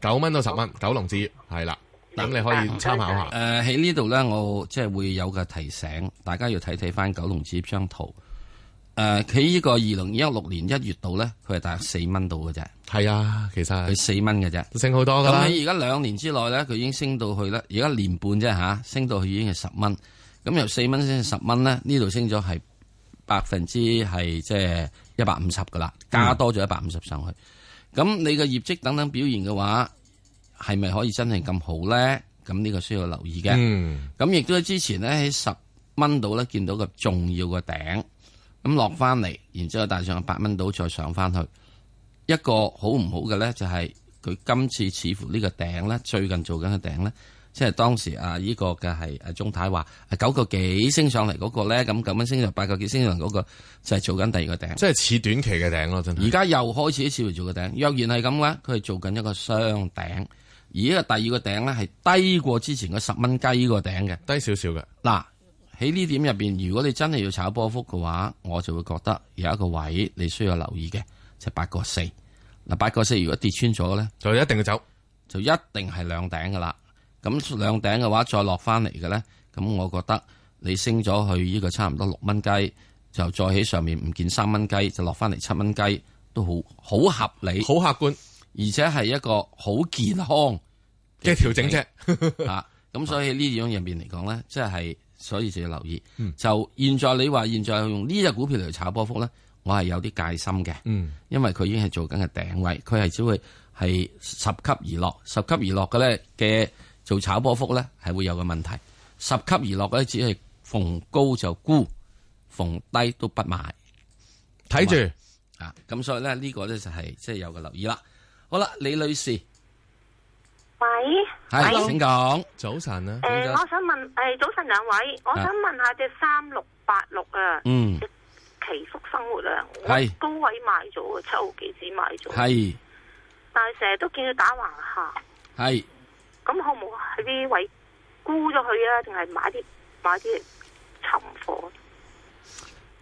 九蚊到十蚊，九龍紙業係啦。咁、嗯、你可以參考下。誒、嗯，喺、呃、呢度咧，我即係會有個提醒，大家要睇睇翻九龍紙業張圖。誒、uh,，佢呢個二零一六年一月度咧，佢係大約四蚊度嘅啫。係啊，其實佢四蚊嘅啫，升好多噶咁喺而家兩年之內咧，佢已經升到去咧，而家年半啫吓，升到去已經係十蚊。咁由四蚊升到十蚊咧，呢度升咗係百分之係即係一百五十噶啦，加多咗一百五十上去。咁你嘅業績等等表現嘅話，係咪可以真係咁好咧？咁、這、呢個需要留意嘅。咁亦都係之前咧喺十蚊度咧見到個重要嘅頂。咁落翻嚟，然之後帶上八蚊到再上翻去，一個好唔好嘅咧就係佢今次似乎呢個頂咧，最近做緊嘅頂咧，即係當時啊呢個嘅係誒中泰話九個幾升上嚟嗰個咧，咁咁樣升上八個幾升上嗰個就係做緊第二個頂，即係似短期嘅頂咯，真係。而家又開始似乎做個頂，若然係咁呢，佢係做緊一個雙頂，而呢個第二個頂咧係低過之前個十蚊雞個頂嘅，低少少嘅嗱。喺呢點入邊，如果你真係要炒波幅嘅話，我就會覺得有一個位你需要留意嘅，就係八個四。嗱，八個四如果跌穿咗咧，就一定要走，就一定係兩頂噶啦。咁兩頂嘅話再落翻嚟嘅咧，咁我覺得你升咗去呢個差唔多六蚊雞，就再喺上面唔見三蚊雞就落翻嚟七蚊雞，都好好合理、好客觀，而且係一個好健康嘅調整啫。咁 [laughs] 所以呢種入邊嚟講咧，即係。所以就要留意，嗯、就現在你話現在用呢隻股票嚟炒波幅咧，我係有啲戒心嘅、嗯，因為佢已經係做緊嘅頂位，佢係只會係十級而落，十級而落嘅咧嘅做炒波幅咧係會有個問題，十級而落咧只係逢高就沽，逢低都不賣，睇住啊，咁、嗯、所以咧呢個咧就係即係有個留意啦。好啦，李女士。喂，係，請講。早晨啦，誒、uh,，uh, uh, 我想問，誒，早晨兩位，我想問下隻三六八六啊，其、uh, 祈福生活啊，係、uh, 高位買咗啊，uh, 七毫幾子買咗，係、uh,，但係成日都見佢打橫行，係、uh,，咁可唔可以喺啲位沽咗佢啊？定係買啲買啲沉貨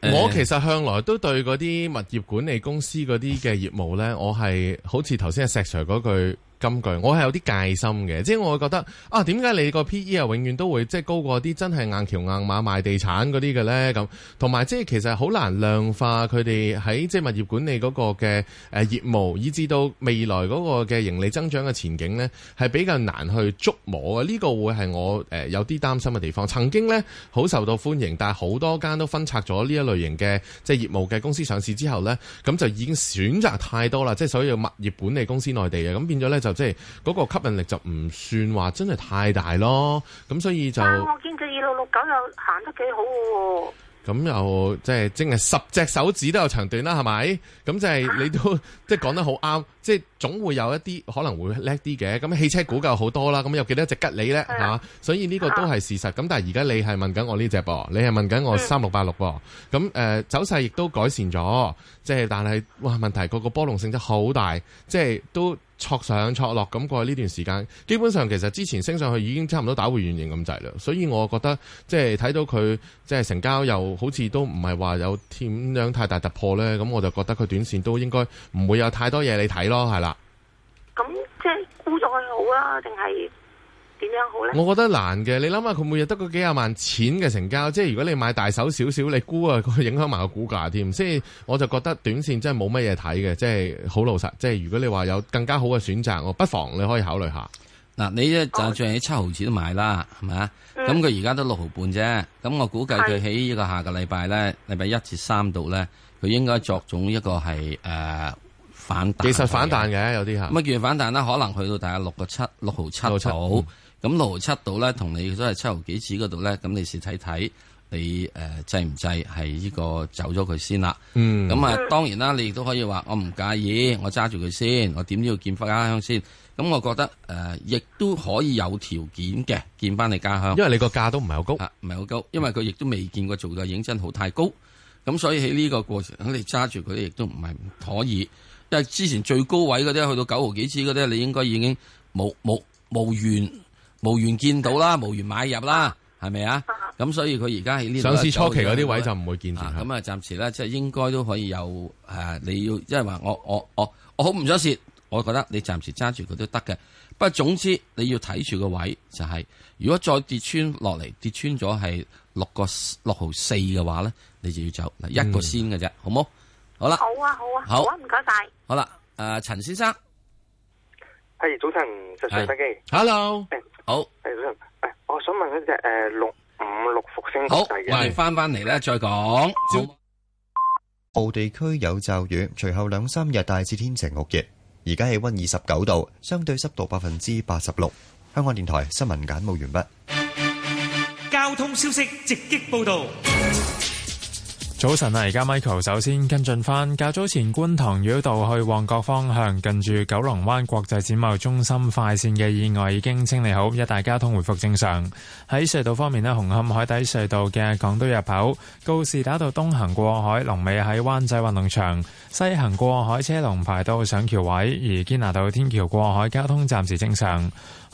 ？Uh, 我其實向來都對嗰啲物業管理公司嗰啲嘅業務咧，uh, 我係好似頭先阿石 Sir 嗰句。金句，我係有啲戒心嘅，即係我會覺得啊，點解你個 P/E 啊永遠都會即係高過啲真係硬橋硬馬賣地產嗰啲嘅咧？咁同埋即係其實好難量化佢哋喺即係物業管理嗰個嘅誒業務，以至到未來嗰個嘅盈利增長嘅前景咧，係比較難去捉摸嘅。呢、這個會係我誒、呃、有啲擔心嘅地方。曾經咧好受到歡迎，但係好多間都分拆咗呢一類型嘅即係業務嘅公司上市之後咧，咁就已經選擇太多啦，即係所有物業管理公司內地嘅咁變咗咧。就即係嗰個吸引力就唔算話真係太大咯，咁所以就。啊、我見隻二六六九又行得幾好喎、啊。咁又即係真係十隻手指都有長短啦，係咪？咁即係你都、啊、即係講得好啱。即係總會有一啲可能會叻啲嘅，咁汽車股又好多啦，咁有幾多隻吉利呢？嚇、啊啊？所以呢個都係事實。咁但係而家你係問緊我呢隻噃，你係問緊我三六八六噃。咁、啊、誒走勢亦都改善咗，即係但係哇問題個個波動性質好大，即係都挫上挫落咁過呢段時間。基本上其實之前升上去已經差唔多打回原形咁滯啦。所以我覺得即係睇到佢即係成交又好似都唔係話有點樣太大突破呢。咁我就覺得佢短線都應該唔會有太多嘢你睇咯。係、哦、啦，咁即係沽咗佢好啦，定係點樣好咧？我覺得難嘅，你諗下佢每日得個幾十萬錢嘅成交，即係如果你買大手少少，你沽啊，佢影響埋個股價添。所以我就覺得短線真係冇乜嘢睇嘅，即係好老實。即係如果你話有更加好嘅選擇，我不妨你可以考慮下。嗱、啊，你咧就仲喺七毫子都買啦，係咪啊？咁佢而家都六毫半啫，咁我估計佢喺呢個下個禮拜咧，禮拜一至三度咧，佢應該作種一個係誒。呃反彈，其實反彈嘅有啲吓，乜叫反彈啦，可能去到大概六個七六毫七度，咁六、嗯、六毫七度咧，同你都係七毫幾次嗰度咧，咁你試睇睇，你、呃、誒制唔制係呢、這個走咗佢先啦。嗯，咁啊，當然啦，你亦都可以話我唔介意，我揸住佢先，我點都要見翻家鄉先。咁我覺得誒、呃，亦都可以有條件嘅見翻你家鄉，因為你個價都唔係好高，唔係好高，因為佢亦都未見過做到影真好太高，咁所以喺呢個過程，你揸住佢亦都唔係唔可以。因為之前最高位嗰啲，去到九毫幾次嗰啲，你應該已經無無無緣無緣見到啦，無緣買入啦，係咪啊？咁所以佢而家喺呢度。上市初期嗰啲位就唔會見到啦。咁啊，暫時咧，即、就、係、是、應該都可以有誒、啊，你要，因為話我我我我好唔想蝕，我覺得你暫時揸住佢都得嘅。不過總之你要睇住個位、就是，就係如果再跌穿落嚟，跌穿咗係六個六毫四嘅話咧，你就要走嗱，一個先嘅啫，嗯、好冇？好啦，好啊，好啊，好啊，唔該晒。好啦，誒，陳先生，係早晨，謝謝飛機。Hello，好，係早晨。誒，我想問一隻誒六五六復星，好，我哋翻翻嚟咧再講。中部地區有驟雨，隨後兩三日大致天晴酷熱。而家氣温二十九度，相對濕度百分之八十六。香港電台新聞簡報完畢。交通消息直擊報道。早晨啊！而家 Michael 首先跟進返，較早前觀塘繞道去旺角方向近住九龍灣國際展貿中心快綫嘅意外已經清理好，一帶交通回復正常。喺隧道方面呢，紅磡海底隧道嘅港島入口告士打道東行過海龍尾喺灣仔運動場，西行過海車龍排到上橋位，而堅拿道天橋過海交通暫時正常。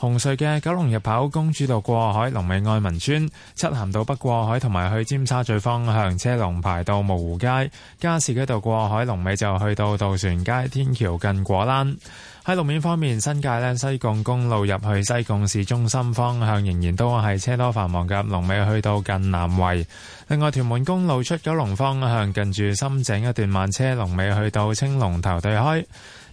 紅隧嘅九龍入口公主道過海，龍尾愛民村。漆咸道北過海同埋去尖沙咀方向車龍排到蕪湖街，加士居道過海龍尾就去到渡船街天橋近果欄。喺路面方面，新界呢，西貢公路入去西貢市中心方向仍然都係車多繁忙嘅，龍尾去到近南圍。另外，屯門公路出九龍方向近住深井一段慢車龍尾去到青龍頭對開。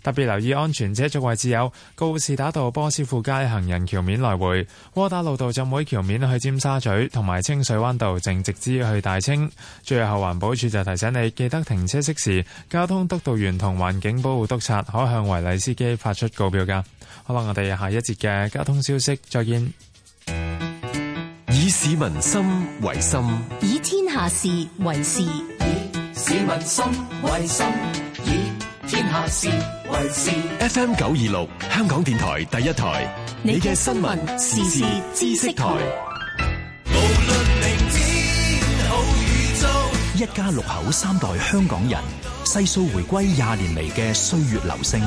特別留意安全車速位置有告士打道、波斯富街行人橋面來回、窩打路道浸會橋面去尖沙咀，同埋清水灣道正直之去大清。最後，環保署就提醒你記得停車熄匙，交通督導員同環境保護督察可以向違例司機發出告票噶。好啦，我哋下一節嘅交通消息再見。以市民心為心，以天下事為事，以市民心為心。天下事，為事。FM 九二六，香港電台第一台。你嘅新聞時事知識台。無論明天好宇宙一家六口三代香港人，細數回歸廿年嚟嘅歲月流星。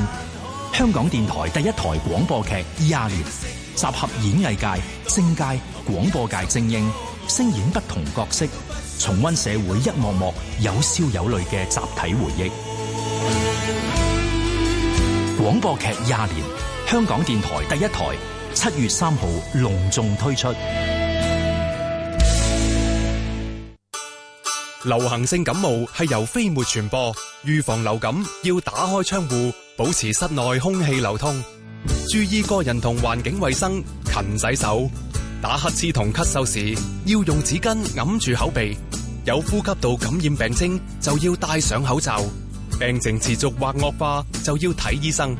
香港電台第一台廣播劇廿年，集合演藝界、政界、廣播界精英，聲演不同角色，重温社會一幕幕有笑有淚嘅集體回憶。廣播劇廿年，香港電台第一台，七月三號隆重推出。流行性感冒係由飛沫傳播，預防流感要打開窗戶，保持室內空氣流通，注意個人同環境衛生，勤洗手。打乞嗤同咳嗽時要用紙巾揞住口鼻。有呼吸道感染病徵就要戴上口罩。病情持續或惡化就要睇醫生。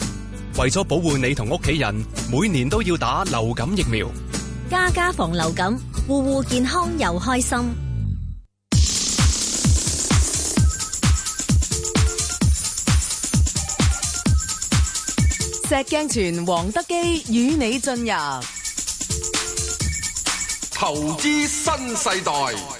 為咗保護你同屋企人，每年都要打流感疫苗。家家防流感，戶戶健康又開心。石鏡泉黃德基與你進入投資新世代。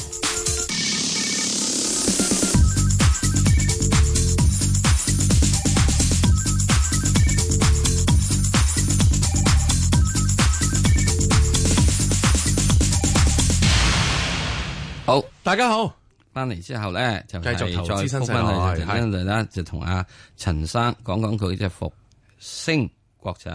大家好，翻嚟之後咧就繼續投資新世代再復翻嚟，啦、哎、陣間咧就同阿陳生講講佢隻復星國仔。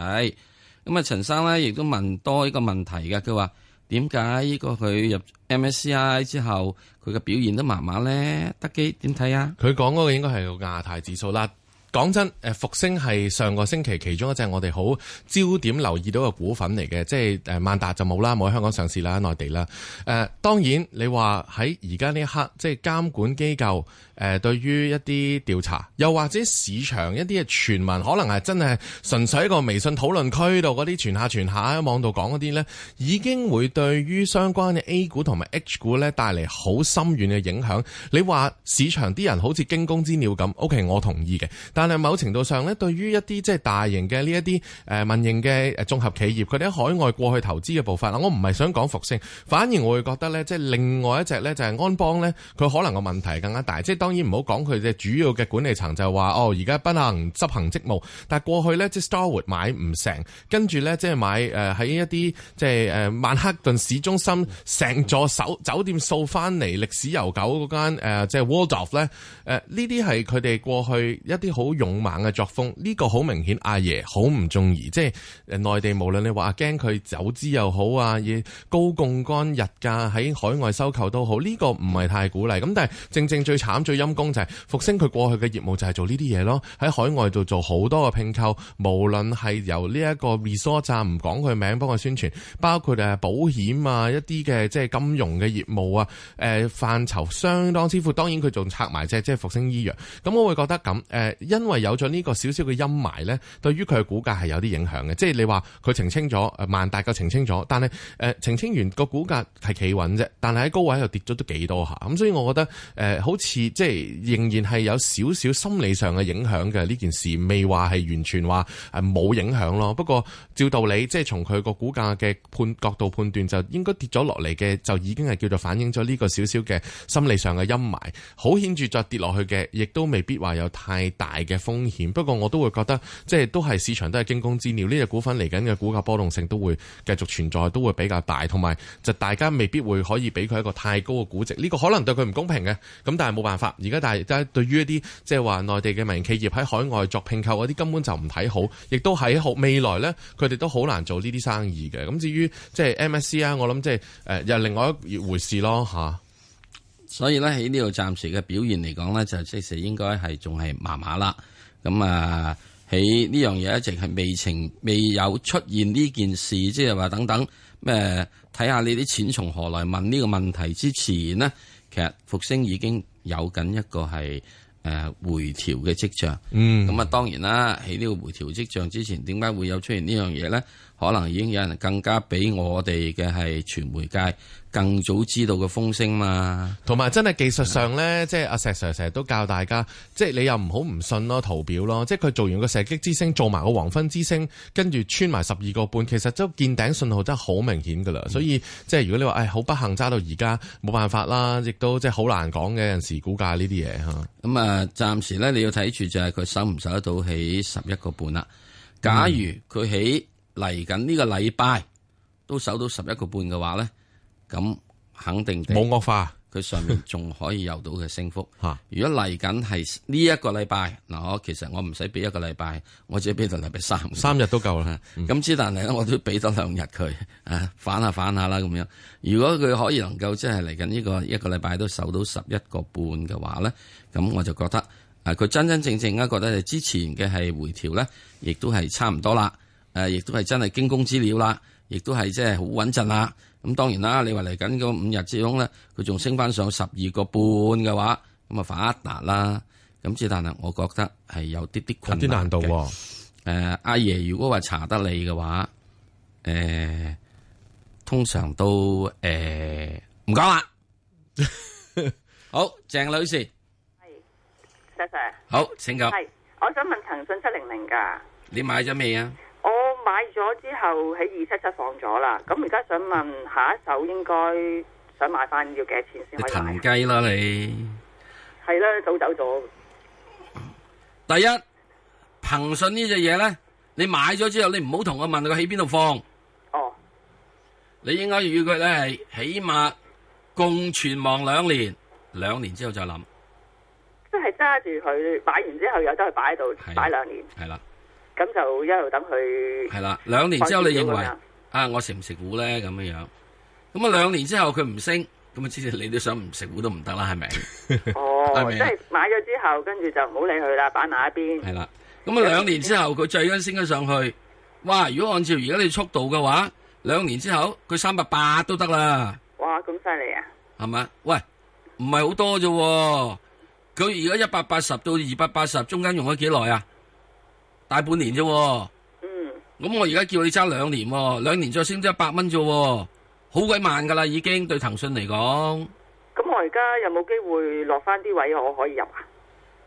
咁啊，陳生咧亦都問多呢個問題嘅，佢話點解呢個佢入 MSCI 之後，佢嘅表現都麻麻咧？德基點睇啊？佢講嗰個應該係個亞太指數啦。講真，誒復星係上個星期其中一隻我哋好焦點留意到嘅股份嚟嘅，即係誒萬達就冇啦，冇喺香港上市啦，喺內地啦。誒、呃、當然你話喺而家呢一刻，即係監管機構。誒、呃、對於一啲調查，又或者市場一啲嘅傳聞，可能係真係純粹一個微信討論區度嗰啲傳下傳下喺網度講嗰啲呢，已經會對於相關嘅 A 股同埋 H 股呢帶嚟好深遠嘅影響。你話市場啲人好似驚弓之鳥咁，OK，我同意嘅。但係某程度上呢，對於一啲即係大型嘅呢一啲誒、呃、民營嘅綜綜合企業，佢哋喺海外過去投資嘅步伐，我唔係想講復星，反而我會覺得呢，即、就、係、是、另外一隻呢，就係、是、安邦呢，佢可能個問題更加大，即當然唔好講佢嘅主要嘅管理層就話哦，而家不能執行職務。但係過去呢，即 Starwood 買唔成，跟住呢，即係買誒喺一啲即係誒曼克頓市中心成座酒店掃翻嚟歷史悠久嗰間、呃、即係 Waldorf 呢、呃。誒呢啲係佢哋過去一啲好勇猛嘅作風。呢、呢個好明顯，阿爺好唔中意。即係誒內地無論你話驚佢走資又好啊，高槓桿日價喺海外收購都好，呢、呢個唔係太鼓勵。咁但係正正最慘最陰功就係復星佢過去嘅業務就係做呢啲嘢咯，喺海外度做好多嘅拼購，無論係由呢一個 resort 站唔講佢名幫佢宣傳，包括誒保險啊，一啲嘅即係金融嘅業務啊，誒範疇相當之闊。當然佢仲拆埋隻即係復星醫藥。咁我會覺得咁誒，因為有咗呢個少少嘅陰霾呢，對於佢嘅股價係有啲影響嘅。即係你話佢澄清咗，誒萬達夠澄清咗，但係誒澄清完個股價係企穩啫，但係喺高位又跌咗都幾多下。咁所以我覺得誒好似。即係仍然係有少少心理上嘅影響嘅，呢件事未話係完全話係冇影響咯。不過照道理，即係從佢個股價嘅判角度判斷，就應該跌咗落嚟嘅，就已經係叫做反映咗呢個少少嘅心理上嘅陰霾。好顯著再跌落去嘅，亦都未必話有太大嘅風險。不過我都會覺得，即係都係市場都係驚弓之鳥，呢隻股份嚟緊嘅股價波動性都會繼續存在，都會比較大，同埋就大家未必會可以俾佢一個太高嘅估值。呢個可能對佢唔公平嘅，咁但係冇辦法。而家但係但係，對於一啲即係話內地嘅民營企業喺海外作併購嗰啲，根本就唔睇好，亦都喺好未來咧，佢哋都好難做呢啲生意嘅。咁至於即係 MSCI 啊，我諗即係誒又另外一回事咯吓。所以咧喺呢度暫時嘅表現嚟講咧，就即時應該係仲係麻麻啦。咁啊喺呢樣嘢一直係未情未有出現呢件事，即係話等等咩睇下你啲錢從何來？問呢個問題之前呢，其實復星已經。有緊一個係誒、呃、回調嘅跡象，咁啊、嗯、當然啦，喺呢個回調跡象之前，點解會有出現呢樣嘢咧？可能已經有人更加俾我哋嘅係傳媒界。更早知道嘅風聲嘛，同埋真係技術上咧，的即係阿石 Sir 成日都教大家，即係你又唔好唔信咯，圖表咯，即係佢做完個射擊之星，做埋個黃昏之星，跟住穿埋十二個半，其實都見頂信號真係好明顯㗎啦。所以、嗯、即係如果你話誒好不幸揸到而家，冇辦法啦，亦都即係好難講嘅。有時估計呢啲嘢嚇，咁啊、嗯嗯、暫時咧你要睇住就係佢守唔守得到起十一個半啦。假如佢喺嚟緊呢個禮拜都守到十一個半嘅話咧。嗯咁肯定冇惡化、啊，佢上面仲可以有到嘅升幅。吓， [laughs] 如果嚟緊係呢一個禮拜嗱，我其實我唔使俾一個禮拜，我只俾到禮拜三，三日都夠啦。咁、嗯、之但係咧，我都俾多兩日佢啊，反下反下啦咁樣。如果佢可以能夠即係嚟緊呢個一個禮拜都守到十一個半嘅話咧，咁我就覺得啊，佢真真正正而家覺得係之前嘅係回調咧，亦都係差唔多啦。誒，亦都係真係驚弓之料啦，亦都係即係好穩陣啦。咁當然啦，你話嚟緊個五日之中咧，佢仲升翻上十二個半嘅話，咁啊發達啦。咁之但係，我覺得係有啲啲困難。難度、哦。誒、呃，阿爺，如果話查得你嘅話，誒、呃，通常都誒唔講啦。呃、 [laughs] 好，鄭女士，係，多謝。好，請講。係，我想問騰訊七零零噶。你買咗未啊？買咗之後，喺二七七放咗啦，咁而家想問下，一手應該想買翻要幾錢先可以買？雞啦你！係啦，早走咗。第一騰訊呢隻嘢咧，你買咗之後你唔好同我問佢喺邊度放。哦，你應該與佢咧係起碼共存亡兩年，兩年之後再諗。即係揸住佢擺完之後又得去擺喺度擺兩年。係啦。咁就一路等佢係啦，兩年之後你認為啊，啊，我食唔食糊咧咁樣樣？咁啊，兩年之後佢唔升，咁啊，之前你都想唔食糊都唔得啦，係 [laughs] 咪？哦，是是即係買咗之後，跟住就唔好理佢啦，擺埋一邊。係啦，咁啊，兩年之後佢最緊升咗上去，哇！如果按照而家你速度嘅話，兩年之後佢三百八都得啦。哇，咁犀利啊！係咪？喂，唔係好多啫，佢而家一百八十到二百八十中間用咗幾耐啊？大半年啫、啊，咁、嗯、我而家叫你揸兩年、啊，兩年再升咗一百蚊啫，好鬼慢噶啦，已經對騰訊嚟講。咁我而家有冇機會落翻啲位我可以入啊？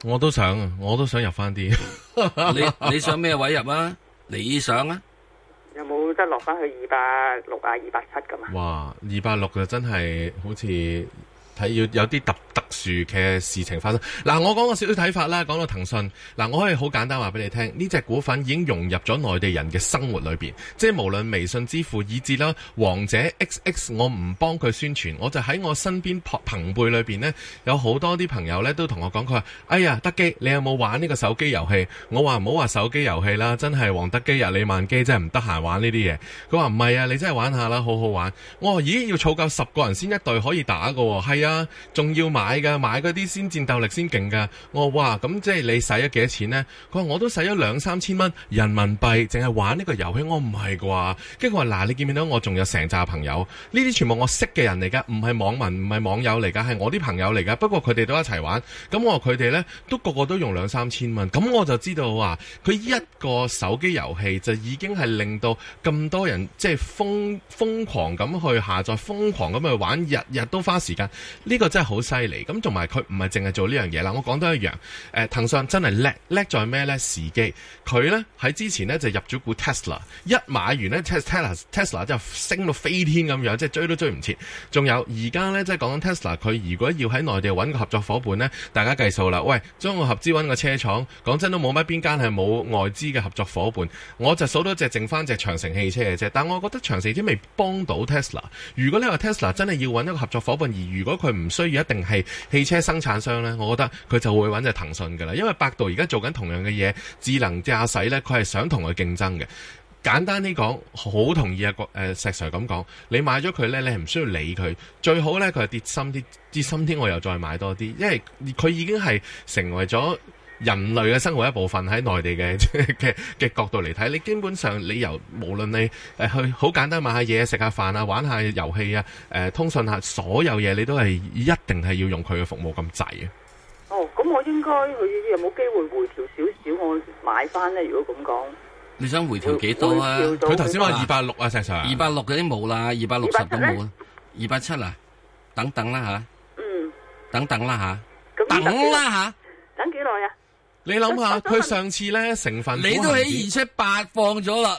我都想，我都想入翻啲 [laughs] 。你你想咩位入啊？你想啊？有冇得落翻去二百六啊？二百七咁啊？哇！二百六啊真係好似～睇要有啲特特殊嘅事情發生。嗱，我講個少少睇法啦。講到騰訊，嗱，我可以好簡單話俾你聽，呢隻股份已經融入咗內地人嘅生活裏邊，即係無論微信支付，以至啦王者 X X，我唔幫佢宣傳，我就喺我身邊朋輩裏邊呢咧，有好多啲朋友咧都同我講，佢話哎呀，德基，你有冇玩呢個手機遊戲？我話唔好話手機遊戲啦，真係王德基啊，李萬基真係唔得閒玩呢啲嘢。佢話唔係啊，你真係玩下啦，好好玩。我話咦，要湊夠十個人先一隊可以打嘅喎。啊，仲要買噶，買嗰啲先戰鬥力先勁噶。我話：咁即係你使咗幾多錢呢？佢話：我都使咗兩三千蚊人民幣，淨係玩呢個遊戲。我唔係啩？跟住佢話：嗱、啊，你見唔見到我仲有成紮朋友？呢啲全部我識嘅人嚟噶，唔係網民，唔係網友嚟噶，係我啲朋友嚟噶。不過佢哋都一齊玩。咁我話佢哋呢，都個個都用兩三千蚊。咁我就知道啊，佢一個手機遊戲就已經係令到咁多人即係、就是、瘋瘋狂咁去下載，瘋狂咁去玩，日日都花時間。呢個真係好犀利，咁同埋佢唔係淨係做呢樣嘢啦。我講多一樣，誒、呃、騰訊真係叻，叻在咩呢？時機佢呢喺之前呢就入咗股 Tesla，一買完呢 Tesla，Tesla 就升到飛天咁樣，即係追都追唔切。仲有而家呢，即係講緊 Tesla，佢如果要喺內地揾個合作伙伴呢，大家計數啦。喂，將我合資揾個車廠，講真都冇乜邊間係冇外資嘅合作伙伴。我就數到隻，剩翻隻長城汽車嘅啫。但我覺得長城啲未幫到 Tesla。如果你話 Tesla 真係要揾一個合作伙伴，而如果佢唔需要一定係汽車生產商呢。我覺得佢就會揾隻騰訊噶啦，因為百度而家做緊同樣嘅嘢，智能駕駛呢，佢係想同佢競爭嘅。簡單啲講，好同意阿、啊、誒、呃、石 Sir 咁講，你買咗佢呢，你係唔需要理佢，最好呢，佢係跌深啲，跌深啲我又再買多啲，因為佢已經係成為咗。人類嘅生活一部分喺內地嘅嘅嘅角度嚟睇，你基本上你由無論你誒去好簡單買下嘢、食下飯啊、玩下遊戲啊、誒通訊下，所有嘢你都係一定係要用佢嘅服務咁滯啊！哦，咁我應該佢有冇機會回調少少，我買翻咧？如果咁講，你想回調幾多啊？佢頭先話二百六啊，石 Sir，二百六已經冇啦，二百六十都冇，二百七啊，等等啦嚇，嗯，等等啦嚇，等啦嚇，等幾耐啊？你諗下，佢上次咧成分，你都喺二七八放咗啦，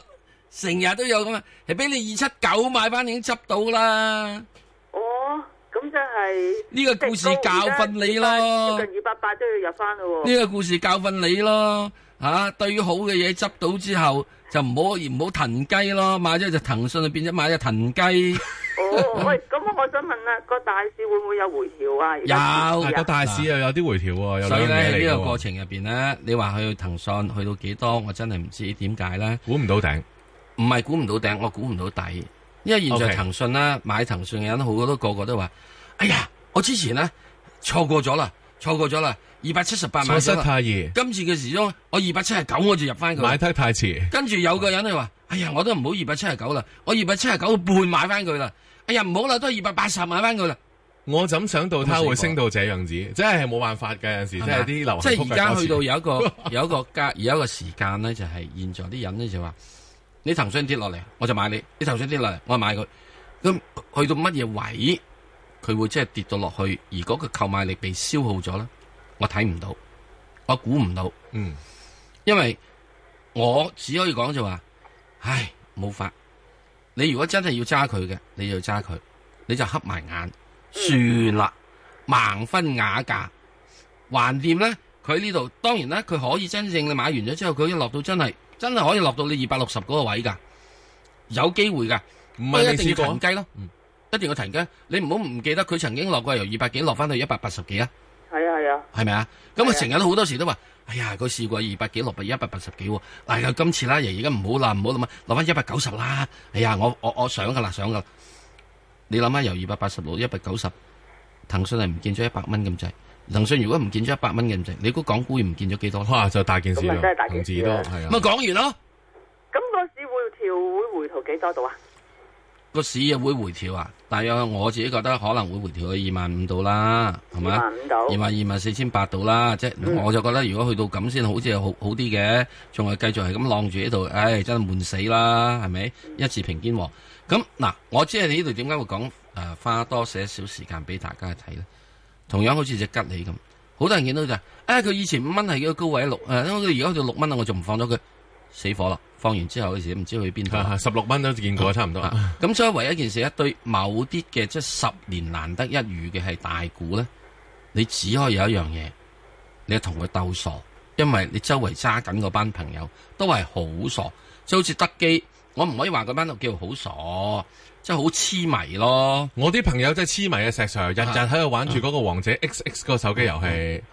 成日都有咁啊，係俾你二七九買翻已經執到啦。哦，咁真係呢個故事教訓你咯。二八八都要入翻咯。呢個故事教訓你咯，吓、這個啊、對於好嘅嘢執到之後。就唔好唔好騰雞咯，買咗隻騰訊就變咗買隻騰雞。 [laughs] [laughs] 哦，喂，咁我想問啦，個大市會唔會有回調啊？有個大市又有啲回調喎，啊，所以咧呢、啊呢個過程入邊咧，你話去騰訊去到幾多，我真係唔知點解咧。估唔到頂，唔係估唔到頂，我估唔到底。因為現在、okay. 騰訊咧買騰訊嘅人好多個個都話，哎呀，我之前咧錯過咗啦，錯過咗啦。錯過了二百七十八萬太熱。今次嘅時鐘，我二百七十九我就入翻佢。買得太遲。跟住有個人就話：，哎呀，我都唔好二百七十九啦，我二百七十九半買翻佢啦。哎呀，唔好啦，都係二百八十買翻佢啦。我怎想到它會升到這樣子？真係冇辦法嘅，有時真係啲流行。即係而家去到有一個有一個價有一個時間咧，就係、是、現在啲人咧就話：，你騰訊跌落嚟，我就買你；，你騰訊跌落嚟，我買佢。咁去到乜嘢位，佢會即係跌到落去，而嗰個購買力被消耗咗啦。我睇唔到，我估唔到，嗯，因為我只可以講就話，唉，冇法。你如果真係要揸佢嘅，你就揸佢，你就黑埋眼，嗯、算啦，盲分瓦價，橫掂咧。佢呢度當然咧，佢可以真正你買完咗之後，佢一落到真係，真係可以落到你二百六十嗰個位噶，有機會噶，唔係你史停雞咯，囉、嗯，一定要停雞。你唔好唔記得佢曾經落過由二百幾落翻去一百八十幾啊。係啊，係啊，係咪、嗯、啊？咁啊，成日都好多時都話，哎呀，佢試過二百幾落，百一百八十幾。嗱、啊，又、啊、今次啦，而而家唔好啦，唔好諗啊，落翻一百九十啦。哎呀，我我我想噶啦，想噶。你諗下由二百八十六一百九十，騰訊係唔見咗一百蚊咁滯。騰訊如果唔見咗一百蚊咁滯，你估港股要唔見咗幾多？哇，就大件事真係大件事都係啊。咁啊，講完咯。咁個市會調會回吐幾多度啊？個市又會回調啊？大約我自己覺得可能會回調去二萬五度啦，係咪？二萬二萬二萬四千八度啦，即係、嗯、我就覺得如果去到咁先好似好好啲嘅，仲係繼續係咁晾住喺度，唉、哎，真係悶死啦，係咪？一字平肩喎。咁嗱，我知係你呢度點解會講誒、呃，花多少少時間俾大家睇咧。同樣好似隻吉利咁，好多人見到就係，佢、哎、以前五蚊係一個高位 6,、呃，六誒，咁佢而家到六蚊啦，我就唔放咗佢。死火啦！放完之後嘅時都唔知去邊度。十六蚊都見過、啊、差唔多。咁所以唯一件事， [laughs] 一對某啲嘅即係十年難得一遇嘅係大股咧，你只可以有一樣嘢，你同佢鬥傻，因為你周圍揸緊嗰班朋友都係好都傻，即係好似德基，我唔可以話佢班度叫好傻，即係好痴迷咯。我啲朋友真係痴迷嘅、啊、石 Sir，日日喺度玩住嗰個王者 X X 個手機遊戲。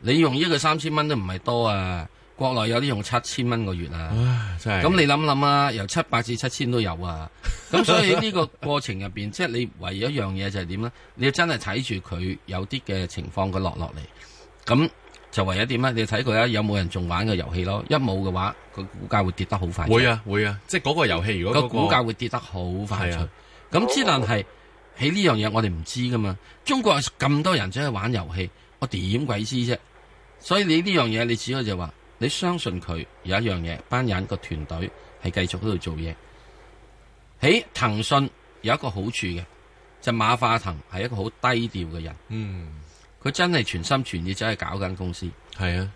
你用呢個三千蚊都唔係多啊！國內有啲用七千蚊個月啊，咁你諗諗啊，由七百至七千都有啊。咁所以呢個過程入邊， [laughs] 即係你唯一一樣嘢就係點咧？你要真係睇住佢有啲嘅情況佢落落嚟，咁就唯一點咧？你睇佢啊，有冇人仲玩個遊戲咯？一冇嘅話，佢股價會跌得好快。會啊，會啊，即係嗰個遊戲如果、嗰個股價會跌得好快。係咁之但係喺呢樣嘢，哦、我哋唔知噶嘛。中國咁多人走去玩遊戲，我點鬼知啫？所以你呢樣嘢，你主要就話。你相信佢有一樣嘢，班人個團隊係繼續喺度做嘢。喺騰訊有一個好處嘅，就是、馬化騰係一個好低調嘅人。嗯，佢真係全心全意走去搞緊公司。係啊，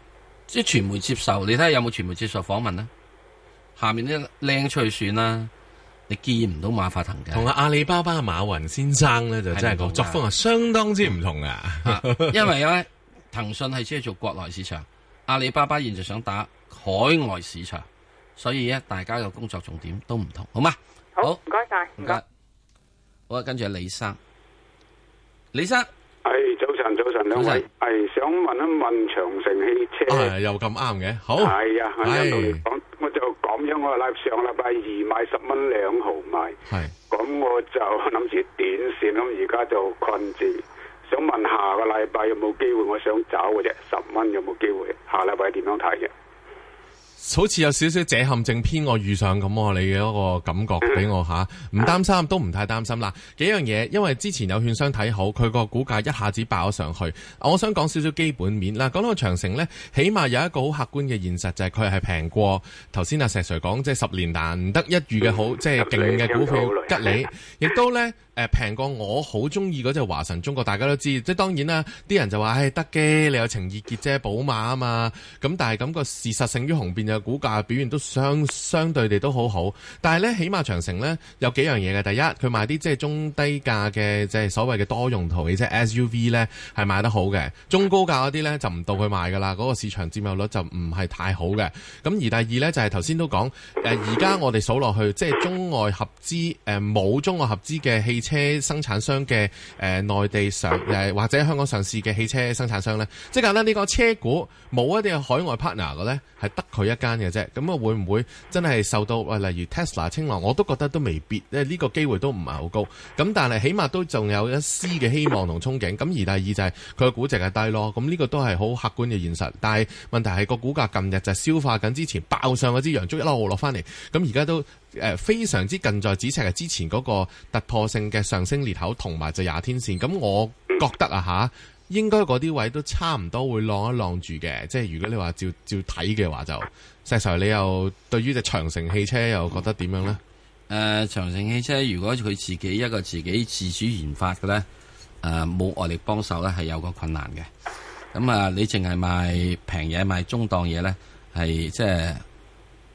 即係傳媒接受，你睇下有冇傳媒接受訪問啦。下面啲靚趣算啦，你見唔到馬化騰嘅。同阿阿里巴巴嘅馬雲先生咧，就真係個作風係相當之唔同噶。啊、 [laughs] 因為咧，騰訊係只係做國內市場。阿里巴巴現在想打海外市場，所以咧，大家嘅工作重點都唔同，好嘛？好，唔該晒，唔該。好，跟住李生，李生，係早晨，早晨，兩位係、哎、想問一問長城汽車。啊、哎，又咁啱嘅，好。係啊，係啊講，我就咁樣，我拉上禮拜二買十蚊兩毫賣，係，咁我就諗住短線，咁而家就困住。想問下個禮拜有冇機會？我想找嘅啫，十蚊有冇機會？下禮拜點樣睇嘅？好似有少少借陷阱偏我遇上咁喎，你嘅嗰個感覺俾我嚇。唔、嗯啊、擔心都唔太擔心啦。幾樣嘢，因為之前有券商睇好，佢個股價一下子爆咗上去。我想講少少基本面啦，講到長城呢，起碼有一個好客觀嘅現實就係佢係平過頭先阿石 Sir 講，即係十年難得一遇嘅好，嗯、即係勁嘅股票吉利，亦都呢。嗯誒平過我好中意嗰隻華晨中國，大家都知，即係當然啦，啲人就話誒得嘅，你有情意結啫，寶馬啊嘛，咁但係咁、那個事實勝於雄辯嘅股價表現都相相對地都好好，但係呢，起碼長城呢，有幾樣嘢嘅，第一，佢賣啲即係中低價嘅即係所謂嘅多用途汽車 SUV 呢，係賣得好嘅，中高價嗰啲呢，就唔到佢賣㗎啦，嗰個市場佔有率就唔係太好嘅，咁而第二呢，就係頭先都講，誒而家我哋數落去，即係中外合資誒冇中外合資嘅汽車車生產商嘅誒內地上誒或者香港上市嘅汽車生產商呢，即係呢個車股冇一啲海外 partner 嘅呢，係得佢一間嘅啫。咁啊會唔會真係受到例如 Tesla 青睞？我都覺得都未必，呢、這個機會都唔係好高。咁但係起碼都仲有一絲嘅希望同憧憬。咁而第二就係佢個估值係低咯。咁、這、呢個都係好客觀嘅現實。但係問題係個股價近日就消化緊之前爆上嗰支陽燭一路落翻嚟。咁而家都。誒、呃，非常之近在咫尺嘅之前嗰個突破性嘅上升裂口，同埋就廿天線，咁我覺得啊吓，應該嗰啲位都差唔多會晾一晾住嘅。即係如果你照照話照照睇嘅話，就石 Sir，你又對於隻長城汽車又覺得點樣咧？誒、呃，長城汽車如果佢自己一個自己自主研發嘅咧，誒、呃，冇外力幫手咧，係有個困難嘅。咁啊、呃，你淨係賣平嘢，賣中檔嘢咧，係即係。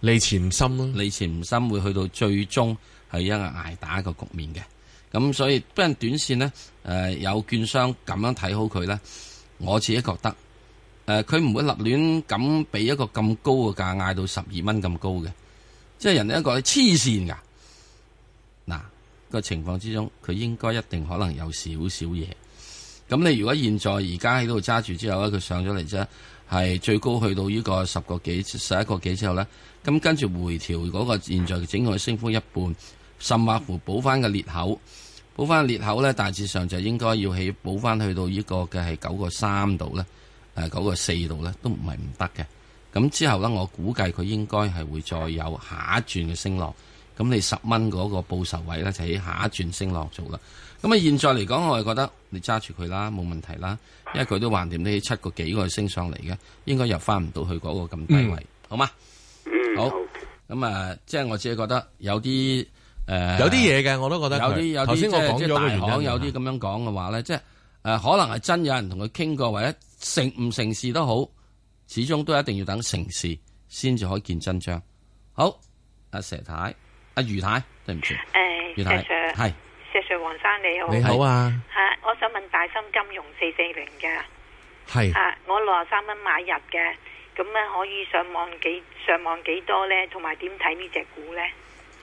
利錢唔深咯，利錢唔深會去到最終係一個挨打嘅局面嘅。咁所以，不過短線呢，誒、呃、有券商咁樣睇好佢呢。我自己覺得，誒佢唔會立亂咁俾一個咁高嘅價嗌到十二蚊咁高嘅，即係人哋一個黐線㗎。嗱、呢個情況之中，佢應該一定可能有少少嘢。咁你如果現在而家喺度揸住之後咧，佢上咗嚟啫，係最高去到呢個十個幾、十一個幾之後呢。咁跟住回調嗰個，現在整個升幅一半，甚或乎補翻個裂口，補翻裂口呢大致上就應該要起補翻去到呢個嘅係九個三度呢，九個四度呢都唔係唔得嘅。咁之後呢，我估計佢應該係會再有下一轉嘅升浪。咁你十蚊嗰個報仇位呢，就喺下一轉升浪做啦。咁啊，現在嚟講，我係覺得你揸住佢啦，冇問題啦，因為佢都橫掂呢七個幾個升上嚟嘅，應該又翻唔到去嗰個咁低位，嗯、好嗎？好，咁啊，即係我自己覺得有啲誒、呃，有啲嘢嘅，我都覺得有啲有啲即係大行有啲咁樣講嘅話咧，即係誒，可能係真有人同佢傾過，或者成唔成事都好，始終都一定要等成事先至可以見真章。好，阿佘太，阿余太對唔住，余太係佘太，黃、欸、生你好，你好啊，uh, 我想問大新金融四四零嘅係，啊，uh, 我六十三蚊買入嘅。咁咧可以上望幾上望幾多呢？同埋點睇呢隻股呢？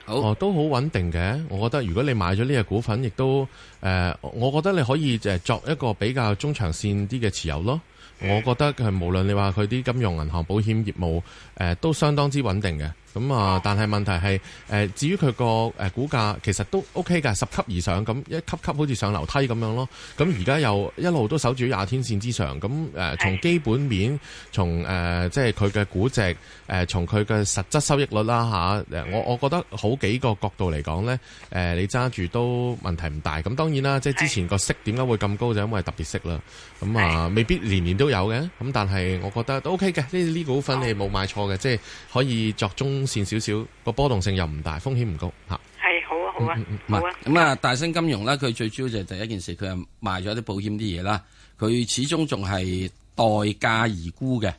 好哦，都好穩定嘅。我覺得如果你買咗呢隻股份，亦都誒、呃，我覺得你可以誒作一個比較中長線啲嘅持有咯、嗯。我覺得無論你話佢啲金融、銀行、保險業務誒、呃，都相當之穩定嘅。咁啊，但係問題係誒、哦呃、至於佢個誒股價其實都 OK 噶，拾級而上，咁一級級好似上樓梯咁樣咯。咁而家又一路都守住廿天線之上，咁誒、呃、從基本面，從誒、呃、即係佢嘅估值，誒、呃、從佢嘅實質收益率啦誒、啊嗯、我我覺得好幾個角度嚟講咧，誒、呃、你揸住都問題唔大。咁當然啦，即係之前個息點解會咁高，就因為特別息啦。咁啊、呃嗯，未必年年都有嘅。咁但係我覺得都 OK 嘅，呢呢股份你冇買錯嘅、哦，即係可以作中。風險少少，個波動性又唔大，風險唔高吓。係好啊，好啊，好啊。咁、嗯、啊，大新金融咧，佢最主要就係第一件事，佢係賣咗啲保險啲嘢啦。佢始終仲係待價而沽嘅，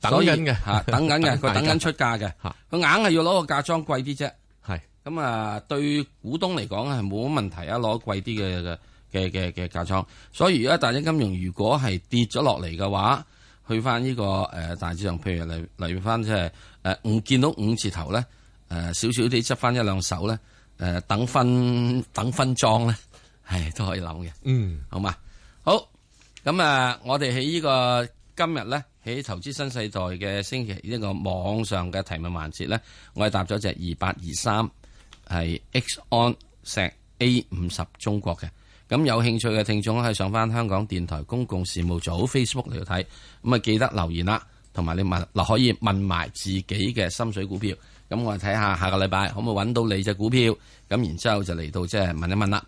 等緊嘅吓，等緊嘅，佢等緊出價嘅。佢硬係要攞個價倉貴啲啫。係咁啊，對股東嚟講係冇乜問題啊，攞貴啲嘅嘅嘅嘅價倉。所以、啊啊、而家大新金融如果係跌咗落嚟嘅話，去翻呢、這個誒、呃、大市場，譬如嚟嚟翻即係。誒、呃，唔見到五字頭咧，誒、呃，少少啲執翻一兩手咧，誒、呃，等分等分裝咧，係都可以諗嘅。嗯，好嘛，好，咁啊、呃，我哋喺呢個今日咧，喺投資新世代嘅星期一呢、這個網上嘅提問環節咧，我係答咗隻二八二三係 X on 安碩 A 五十中國嘅，咁有興趣嘅聽眾可以上翻香港電台公共事務組 Facebook 嚟睇，咁啊記得留言啦。同埋你問嗱，可以問埋自己嘅心水股票，咁我睇下下個禮拜可唔可以揾到你隻股票，咁然之後就嚟到即係問一問啦。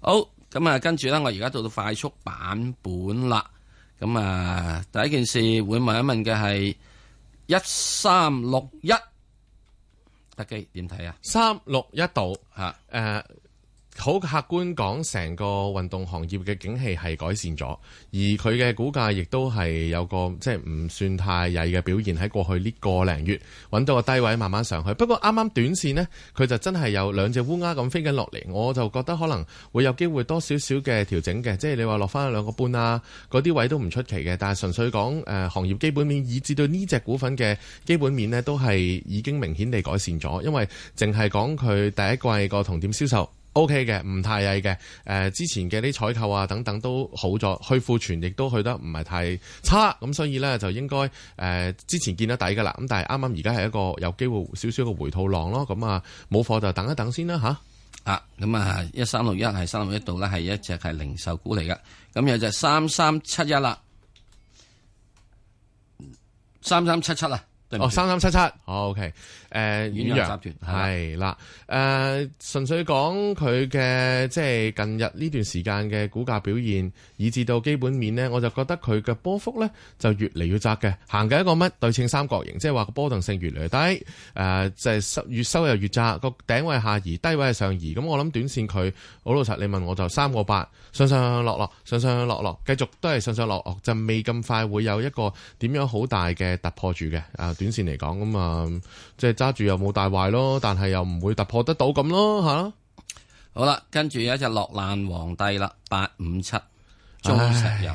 好，咁啊，跟住咧，我而家到到快速版本啦。咁啊，第一件事會問一問嘅係一三六一，得機點睇啊？三六一度。啊呃好，客觀講，成個運動行業嘅景氣係改善咗，而佢嘅股價亦都係有個即係唔算太曳嘅表現，喺過去呢個零月揾到個低位慢慢上去。不過啱啱短線呢，佢就真係有兩隻烏鴉咁飛緊落嚟，我就覺得可能會有機會多少少嘅調整嘅。即係你話落翻兩個半啊，嗰啲位都唔出奇嘅。但係純粹講、呃、行業基本面，以至到呢隻股份嘅基本面呢，都係已經明顯地改善咗，因為淨係講佢第一季個同店銷售。O K 嘅，唔太曳嘅，誒、呃，之前嘅啲採購啊等等都好咗，去庫存亦都去得唔係太差，咁所以咧就應該誒、呃、之前見得底噶啦，咁但係啱啱而家係一個有機會少少嘅回吐浪咯，咁啊冇貨就等一等先啦、啊、吓，啊，咁啊，啊 1, 3, 6, 1, 3, 6, 一三六一係三六一度咧係一隻係零售股嚟㗎。咁有隻三三七一啦，三三七七啦，對唔住，哦三三七七，O K。3, 3, 7, 7, 好 okay。誒、呃、遠洋集團係啦，誒、呃、純粹講佢嘅即係近日呢段時間嘅股價表現，以至到基本面呢，我就覺得佢嘅波幅呢就越嚟越窄嘅，行緊一個乜對稱三角形，即係話個波動性越嚟越低，誒、呃、就係、是、收越收又越窄，個頂位下移，低位係上移，咁我諗短線佢好老實，你問我就三個八，上上落落，上上落落，繼續都係上上落落，就未咁快會有一個點樣好大嘅突破住嘅，啊、呃、短線嚟講咁啊，即、呃、係、就是住又冇大壞咯，但係又唔會突破得到咁咯，吓。好啦，跟住有一隻落難皇帝啦，八五七，仲有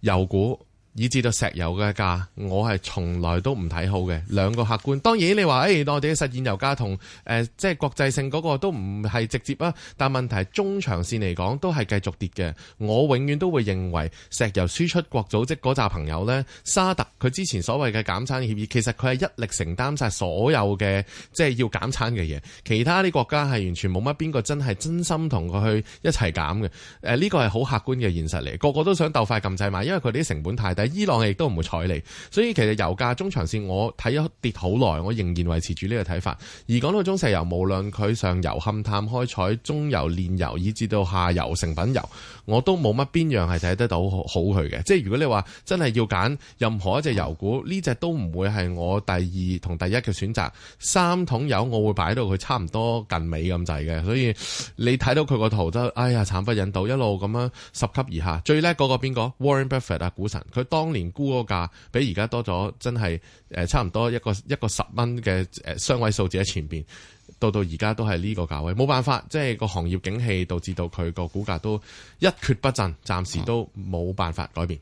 油股。以至到石油嘅價我係從來都唔睇好嘅。兩個客觀。當然你話誒、哎、我哋嘅實現油價同誒即係國際性嗰個都唔係直接啊。但問題係中長線嚟講都係繼續跌嘅。我永遠都會認為石油輸出國組織嗰紮朋友咧，沙特佢之前所謂嘅減產協議，其實佢係一力承擔晒所有嘅即係要減產嘅嘢，其他啲國家係完全冇乜邊個真係真心同佢去一齊減嘅。誒、呃、呢、這個係好客觀嘅現實嚟，個個都想鬥快撳掣買，因為佢哋啲成本太低。伊朗亦都唔會睬你，所以其實油價中長線我睇咗跌好耐，我仍然維持住呢個睇法。而講到中石油，無論佢上游勘探開採、中油煉油，以至到下游成品油，我都冇乜邊樣係睇得到好佢嘅。即係如果你話真係要揀任何一隻油股，呢隻都唔會係我第二同第一嘅選擇。三桶油我會擺到佢差唔多近尾咁滯嘅，所以你睇到佢個圖都，哎呀慘不忍睹，一路咁樣十級而下。最叻嗰個邊個？Warren Buffett 啊，股神當年估個個價，比而家多咗，真係誒差唔多一個一個十蚊嘅雙位數字喺前面。到到而家都係呢個價位，冇辦法，即係個行業景氣導致到佢個股價都一蹶不振，暫時都冇辦法改變。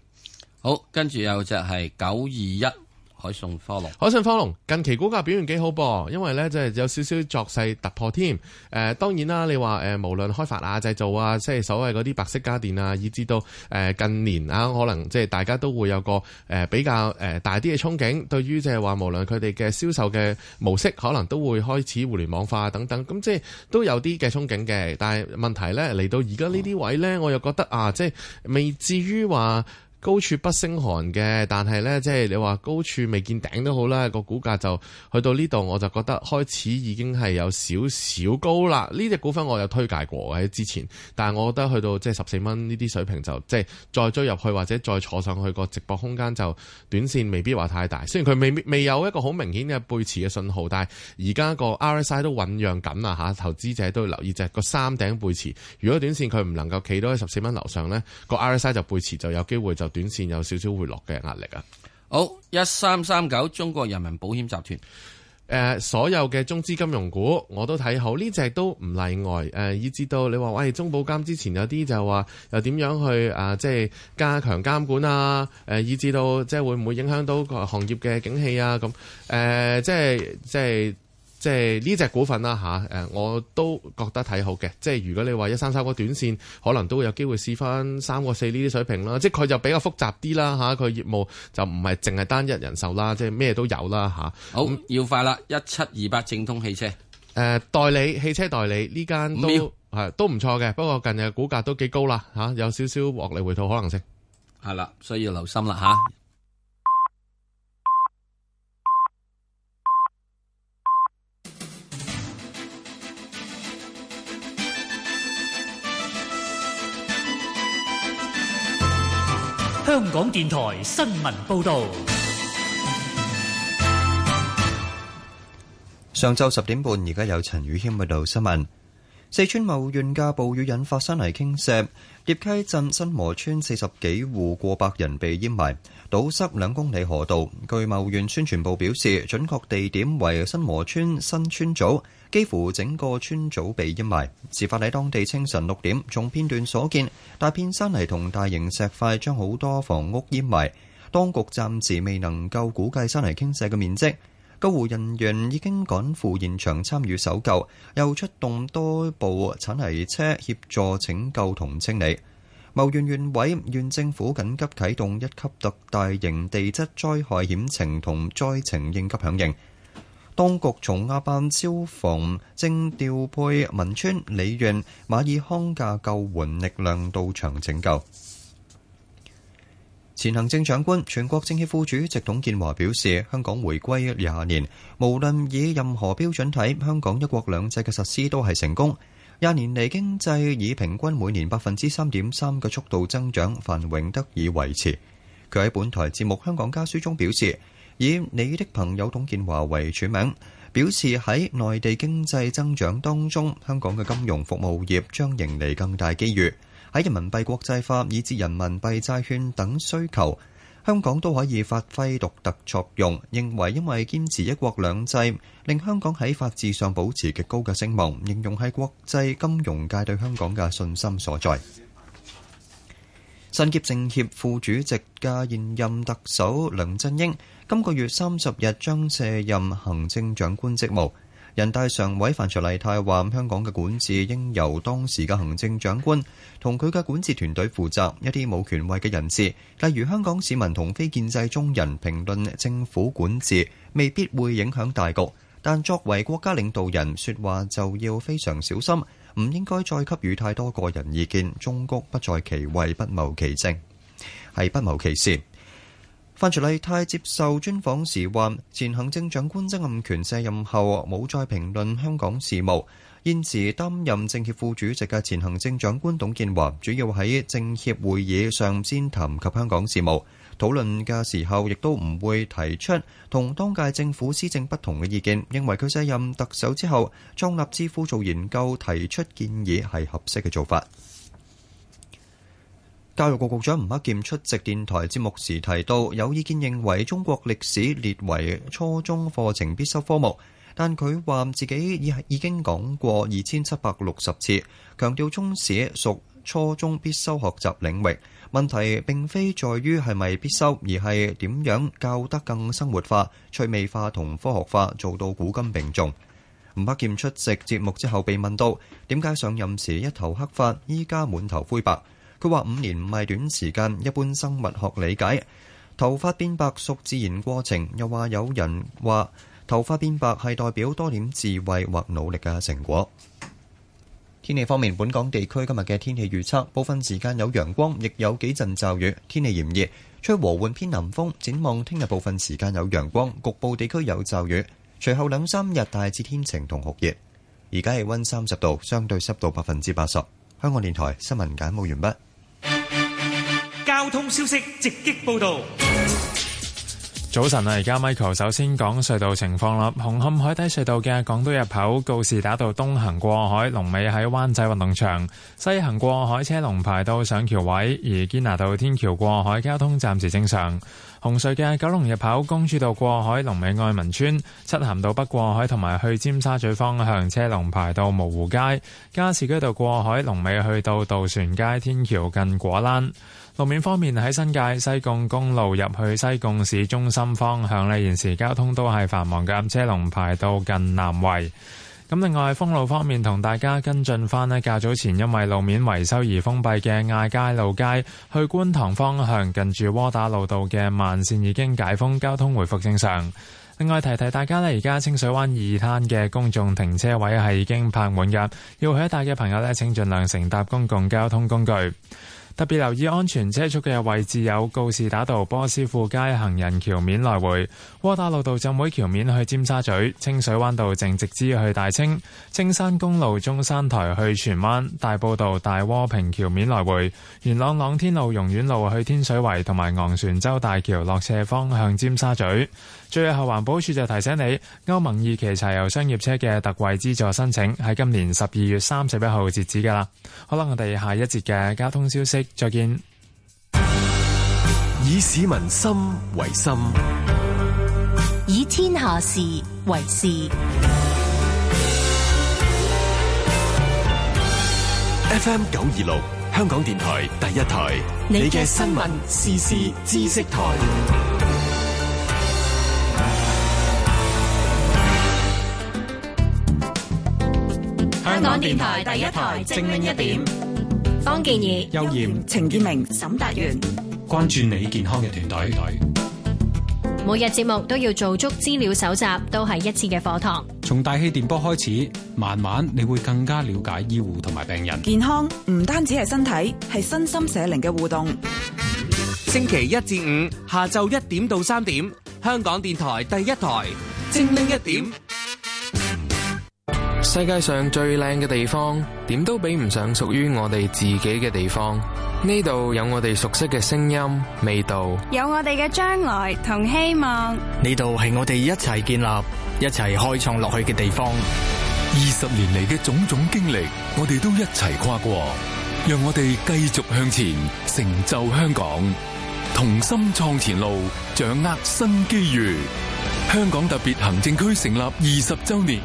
好，跟住有隻係九二一。海信科龍，海信科龍近期股價表現幾好噃，因為咧即係有少少作勢突破添。誒，當然啦，你話誒，無論開發啊、製造啊，即係所謂嗰啲白色家電啊，以至到誒近年啊，可能即係大家都會有個誒比較誒大啲嘅憧憬，對於即係話無論佢哋嘅銷售嘅模式，可能都會開始互聯網化等等，咁即係都有啲嘅憧憬嘅。但係問題咧，嚟到而家呢啲位咧，我又覺得啊，即係未至於話。高處不勝寒嘅，但係呢，即係你話高處未見頂都好啦。個股價就去到呢度，我就覺得開始已經係有少少高啦。呢隻股份我有推介過喺之前，但係我覺得去到即係十四蚊呢啲水平就即係再追入去或者再坐上去個值博空間就短線未必話太大。雖然佢未未有一個好明顯嘅背馳嘅信號，但係而家個 RSI 都醞釀緊啦嚇！投資者都要留意就係個三頂背馳。如果短線佢唔能夠企到喺十四蚊樓上呢，個 RSI 就背馳就有機會就。短線有少少回落嘅壓力啊！好，一三三九中國人民保險集團，誒、呃，所有嘅中資金融股我都睇好，呢隻都唔例外。誒、呃，以至到你話喂，中保監之前有啲就話又點樣去啊、呃，即係加強監管啊？誒、呃，以至到即係會唔會影響到個行業嘅景氣啊？咁，誒、呃，即係即係。即係呢隻股份啦嚇，誒我都覺得睇好嘅。即係如果你話一三三個短線，可能都會有機會試翻三個四呢啲水平啦。即係佢就比較複雜啲啦嚇，佢業務就唔係淨係單一人壽啦，即係咩都有啦嚇，好、嗯，要快啦，一七二八正通汽車，誒、呃、代理汽車代理呢間都都唔錯嘅，不過近日股價都幾高啦嚇，有少少獲利回吐可能性。係啦，所以要留心啦嚇。香港電台新聞報道幾乎整個村組被掩埋，事發喺當地清晨六點，從片段所見，大片山泥同大型石塊將好多房屋淹埋。當局暫時未能夠估計山泥傾瀉嘅面積。救護人員已經趕赴現場參與搜救，又出動多部鏟泥車協助拯救同清理。茂縣縣委縣政府緊急啟動一級特大型地質災害險情同災情應急響應。當局從阿壩消防正調配汶川、理縣、馬爾康架救援力量到場拯救。前行政長官、全國政協副主席董建華表示，香港回歸廿年，無論以任何標準睇，香港一國兩制嘅實施都係成功。廿年嚟，經濟以平均每年百分之三點三嘅速度增長，繁榮得以維持。佢喺本台節目《香港家書》中表示。以你的朋友董建華為署名，表示喺內地經濟增長當中，香港嘅金融服務業將迎嚟更大機遇。喺人民幣國際化以至人民幣債券等需求，香港都可以發揮獨特作用。認為因為堅持一國兩制，令香港喺法治上保持極高嘅聲望，形容係國際金融界對香港嘅信心所在。新協政協副主席嘅現任特首梁振英，今個月三十日將卸任行政長官職務，人大常委范徐麗泰話：香港嘅管治應由當時嘅行政長官同佢嘅管治團隊負責。一啲冇權位嘅人士，例如香港市民同非建制中人評論政府管治，未必會影響大局。但作為國家領導人，説話就要非常小心，唔應該再給予太多個人意見。中國不在其位，不謀其政，係不謀其事。范徐麗泰接受專訪時話，前行政長官曾蔭權卸任後冇再評論香港事務。現時擔任政協副主席嘅前行政長官董建華主要喺政協會議上先談及香港事務。討論嘅時候亦都唔會提出同當屆政府施政不同嘅意見，認為佢卸任特首之後創立智庫做研究，提出建議係合適嘅做法。教育局局長吳克儉出席電台節目時提到，有意見認為中國歷史列為初中課程必修科目，但佢話自己已係已經講過二千七百六十次，強調中史屬初中必修學習領域。問題並非在於係咪必修，而係點樣教得更生活化、趣味化同科學化，做到古今並重。吳克儉出席節目之後被問到，點解上任時一頭黑髮，依家滿頭灰白？佢話五年唔係短時間，一般生物學理解頭髮變白屬自然過程。又話有人話頭髮變白係代表多點智慧或努力嘅成果。天氣方面，本港地區今日嘅天氣預測，部分時間有陽光，亦有幾陣驟雨，天氣炎熱，吹和緩偏南風。展望聽日部分時間有陽光，局部地區有驟雨。隨後兩三日大致天晴同酷熱。而家氣温三十度，相對濕度百分之八十。香港電台新聞簡報完畢。交通消息直擊報道。早晨啊，而家 Michael 首先，講隧道情況啦。紅磡海底隧道嘅港島入口告士打道東行過海，龍尾喺灣仔運動場；西行過海車龍排到上橋位，而堅拿道天橋過海交通暫時正常。紅隧嘅九龍入口公主道過海，龍尾愛民村；漆咸道北過海同埋去尖沙咀方向車龍排到蕪湖街；加士居道過海龍尾去到渡船街天橋近果欄。路面方面，喺新界西貢公路入去西貢市中心方向咧，現時交通都係繁忙嘅，車龍排到近南圍。咁另外，封路方面同大家跟進翻咧，較早前因為路面維修而封閉嘅亞皆老街去觀塘方向，近住窩打老道嘅慢線已經解封，交通回復正常。另外提提大家咧，而家清水灣二灘嘅公眾停車位係已經泊滿嘅，要去一帶嘅朋友咧，請盡量乘搭公共交通工具。特別留意安全車速嘅位置有告士打道、波斯富街行人橋面來回、窩打路道浸會橋面去尖沙咀、清水灣道正直支去大清、青山公路中山台去荃灣、大埔道大窩坪橋面來回、元朗朗天路榕苑路去天水圍同埋昂船洲大橋落斜方向尖沙咀。最後，環保署就提醒你，歐盟二期柴油商業車嘅特惠資助申請喺今年十二月三十一號截止噶啦。好啦，我哋下一節嘅交通消息再見。以市民心為心，以天下事為事。FM 九二六，香港電台第一台，你嘅新聞時事知識台。香港電台第一台，精靈一點。方健儀、邱艷、程建明、沈達元，關注你健康嘅團隊。每日節目都要做足資料搜集，都係一次嘅課堂。從大氣電波開始，慢慢你會更加了解醫護同埋病人。健康唔單止係身體，係身心社靈嘅互動。星期一至五下晝一點到三點，香港電台第一台，精靈一點。世界上最靚嘅地方，點都比唔上屬於我哋自己嘅地方。呢度有我哋熟悉嘅聲音、味道，有我哋嘅將來同希望。呢度係我哋一齊建立、一齊開創落去嘅地方。二十年嚟嘅種種經歷，我哋都一齊跨過。讓我哋繼續向前，成就香港，同心創前路，掌握新機遇。香港特別行政區成立二十周年。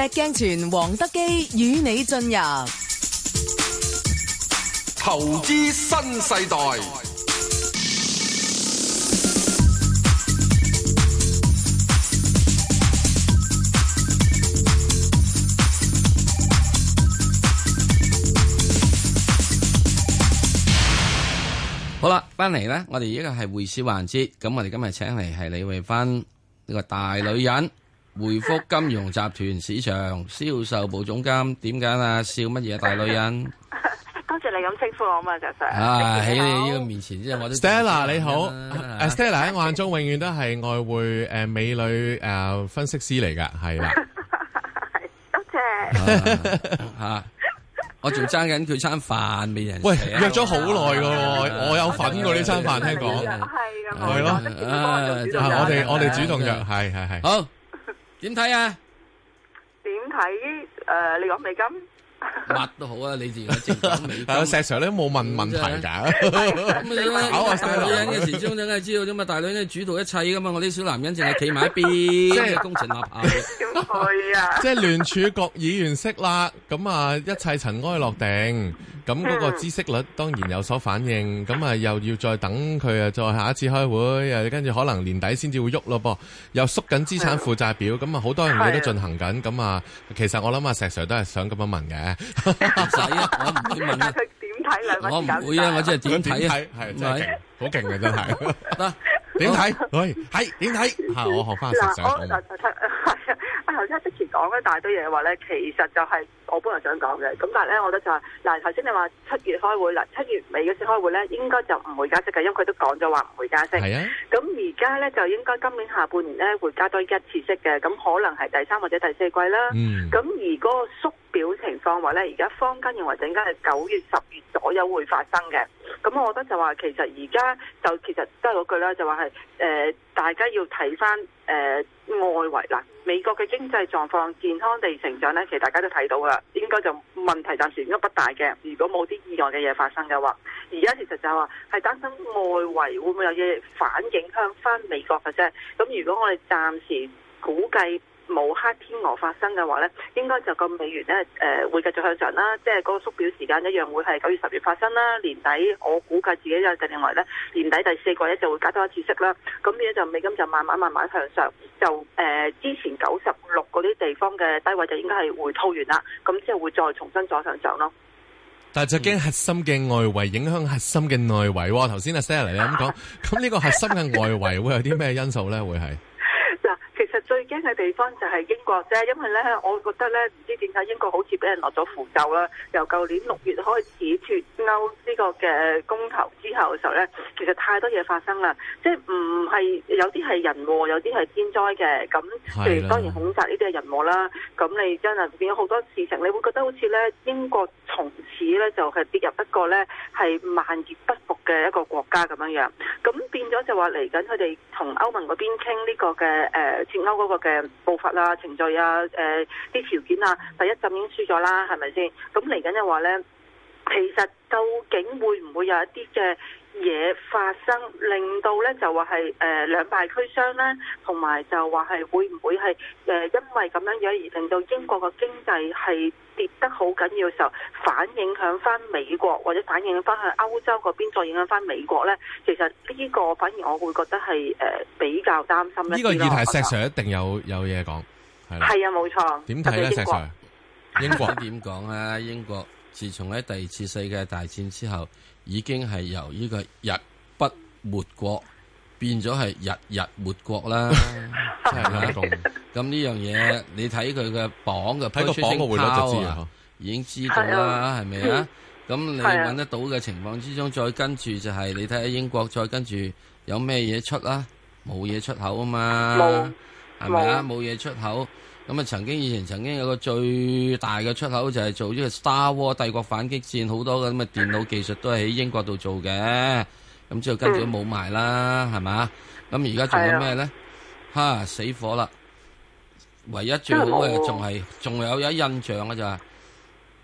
石鏡泉黃德基與你進入投資新，新世代。好啦，翻嚟咧，我哋依個係匯市環節，咁我哋今日請嚟係李慧芬呢、這個大女人。啊回復金融集團市場銷售部總監，點解啊，笑乜嘢，大女人？多謝你咁稱呼我啊嘛就 o 啊，喺你呢個面前，即係我 Stella 你好，啊啊，Stella 喺，啊，我眼中永遠都係外匯誒美女誒分析師嚟噶，係啦。多，啊，謝 [laughs] ，啊。我仲爭緊佢餐飯俾人，啊。喂，約咗好耐喎。我有份過呢餐飯聽講。係係咯。啊，啊啊我哋我哋主動約，係係係。好，就是。點睇啊？點睇？誒、uh,，你講美金？乜都好啊，你自己。但係石美金。阿 [laughs] Sir 都冇問問題㗎？咁啊，搞啊大女人嘅時終梗係知道啫嘛，大女人主導一切噶嘛，我啲小男人淨係企埋一邊，即係 [laughs] 工程立下。啊？ [laughs] 即係聯儲局議員識啦，咁啊一切塵埃落定。咁嗰個知識率當然有所反應，咁、嗯、啊又要再等佢啊，再下一次開會，跟住可能年底先至會喐咯噃，又縮緊資產負債表，咁啊好多樣嘢都進行緊，咁啊其實我諗啊石 Sir 都係想咁樣問嘅，大 [laughs] 實、啊、 [laughs] 我唔睇、啊、兩位？我唔會啊，我只係點睇啊，唔係好勁嘅真係。 [laughs] 點睇？喂，係點睇？我學翻嗱，我就係啊，頭先之前講一大堆嘢話咧，其實就係我本來想講嘅。咁但係咧，我覺得就係嗱，頭先你話七月開會嗱，七月尾嗰時開會咧，應該就唔會加息嘅，因為佢都講咗話唔會加息。係啊。咁而家咧就應該今年下半年咧會加多一次息嘅，咁可能係第三或者第四季啦。咁而嗰個縮表情況話咧，而家坊間認為陣間係九月、十月左右會發生嘅。咁我覺得就話其實而家就其實得嗰句啦，就話係、呃、大家要睇翻誒外圍啦。美國嘅經濟狀況健康地成長咧，其實大家都睇到啦，應該就問題暫時應該不大嘅。如果冇啲意外嘅嘢發生嘅話，而家其實就話係擔心外圍會唔會有嘢反影響翻美國嘅啫。咁如果我哋暫時估計。冇黑天鵝發生嘅話咧，應該就個美元咧，誒會繼續向上啦。即係嗰個縮表時間一樣會係九月、十月發生啦。年底我估計自己就認為咧，年底第四季就會加多一次息啦。咁咧就美金就慢慢慢慢向上。就誒、呃、之前九十六啲地方嘅低位就應該係回吐完啦。咁之後會再重新再上漲咯。但係就驚核心嘅外圍影響核心嘅內圍喎。頭先阿 Sara 嚟咁講，咁、啊、呢個核心嘅外圍會有啲咩因素咧？ [laughs] 會係？最驚嘅地方就係英國啫，因為咧，我覺得咧，唔知點解英國好似俾人落咗符咒啦。由舊年六月開始脫歐呢個嘅公投之後嘅時候咧，其實太多嘢發生啦，即係唔係有啲係人禍，有啲係天災嘅。咁譬如當然恐襲呢啲係人禍啦。咁你真係變咗好多事情，你會覺得好似咧英國從此咧就係跌入一個咧係萬劫不復嘅一個國家咁樣樣。咁變咗就話嚟緊佢哋同歐盟嗰邊傾呢個嘅誒脫歐。嗰個嘅步伐啊、程序啊、誒啲條件啊，第一陣已經輸咗啦，係咪先？咁嚟緊就話咧，其實究竟會唔會有一啲嘅嘢發生，令到咧就話係誒兩敗俱傷咧，同埋就話係會唔會係誒、呃、因為咁樣樣而令到英國嘅經濟係跌得好緊要嘅時候，反影響翻美國或者反影響翻向歐洲嗰邊，再影響翻美國咧？其實呢個反而我會覺得係誒、呃、比較擔心咧。呢、呢個議題，石 Sir 一定有有嘢講，係係啊，冇錯。點睇咧？石 Sir 英國點講啊？英國， [laughs] 英國自從喺第二次世界大戰之後。已經係由呢個日不落國變咗係日日落國啦，咁 [laughs] 呢是了 [laughs] 樣嘢你睇佢嘅榜嘅睇 [laughs] 個榜個匯率就知啦，已經知道啦，係咪啊？咁 [laughs] 你揾得到嘅情況之中， [laughs] 再跟住就係、是、你睇下英國再跟住有咩嘢出啦、啊，冇嘢出口啊嘛，係咪啊？冇 [laughs] 嘢出口。咁曾經以前曾經有個最大嘅出口就係做呢個《Star Wars》帝國反擊戰，好多嘅咁嘅電腦技術都係喺英國度做嘅。咁之後跟住都冇埋啦，係、嗯、嘛？咁而家做緊咩咧？吓、嗯啊，死火啦！唯一最好嘅仲係仲有有一印象嘅就係。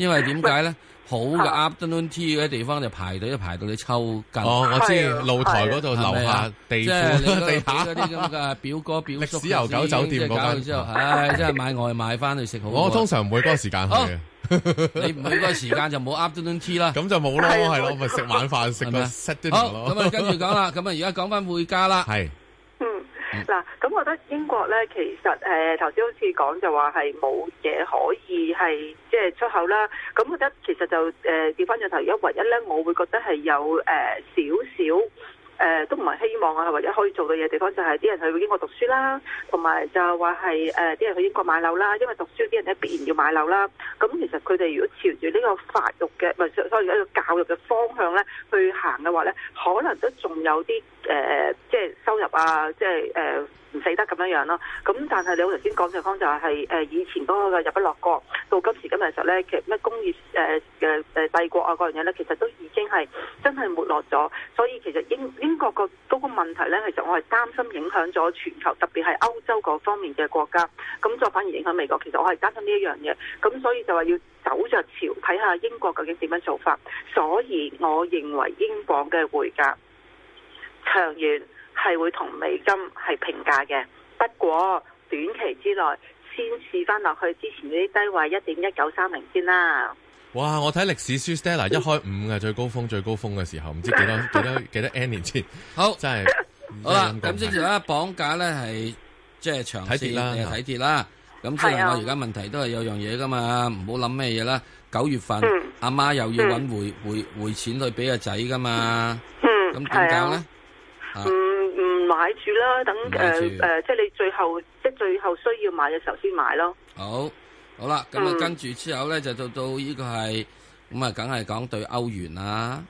因為點解咧？好嘅 afternoon tea 嗰啲地方就排隊，就排到你抽筋。哦、啊，我知道露台嗰度樓下地鋪、啊、地下嗰啲咁嘅表哥表叔。歷史悠久酒店嗰間，之後唉，真、就、係、是、買外賣翻去食好。我通常唔會嗰個時間去嘅。啊、 [laughs] 你唔會嗰個時間就冇 afternoon tea 啦。咁 [laughs] 就冇咯，係咯，咪 [laughs] 食晚飯是是、啊、食咯。好，咁、嗯、啊，跟住講啦。咁啊，而家講翻會家啦。嗱、嗯，咁我覺得英國咧，其實誒頭先好似講就話係冇嘢可以係即係出口啦。咁我覺得其實就誒調翻轉頭一，因唯一咧，我會覺得係有誒少少。呃小小誒、呃、都唔係希望啊，或者可以做到嘅地方就係、是、啲人去英國讀書啦，同埋就話係啲人去英國買樓啦，因為讀書啲人咧必然要買樓啦。咁其實佢哋如果朝住呢個發育嘅，咪所以一個教育嘅方向咧去行嘅話咧，可能都仲有啲誒、呃，即係收入啊，即係誒，呃唔使得咁樣樣咯，咁但係你好頭先講地方就係、誒、以前嗰個日不落國，到今時今日嘅時候咧，其實咩工業誒誒誒帝國啊嗰樣嘢咧，其實都已經係真係沒落咗。所以其實英英國個嗰個問題咧，其實我係擔心影響咗全球，特別係歐洲各方面嘅國家，咁就反而影響美國。其實我係擔心呢一樣嘢，咁所以就話要走着潮，睇下英國究竟點樣做法。所以我認為英鎊嘅匯價長遠，係會同美金係平價嘅，不過短期之內先試翻落去之前啲低位一點一九三零先啦。哇！我睇歷史書，Stella 一開五嘅最高峰，最高峰嘅時候，唔知幾多幾 [laughs] 多幾多，多年前。 [laughs] 好，真係好啦。咁即住啦綁架咧係即係長線嘅睇跌啦。咁即、就是啊、然我而家問題都係有樣嘢噶嘛，唔好諗咩嘢啦。九月份阿、嗯、媽，媽又要搵回、嗯、回匯錢去俾阿仔噶嘛。咁、嗯、點搞咧？嗯啊嗯買住啦，等誒誒、呃，即係你最後即係最後需要買嘅時候先買咯。好，好啦，咁啊跟住之後咧、嗯、就，就到到呢個係咁啊，梗係講對歐元啦。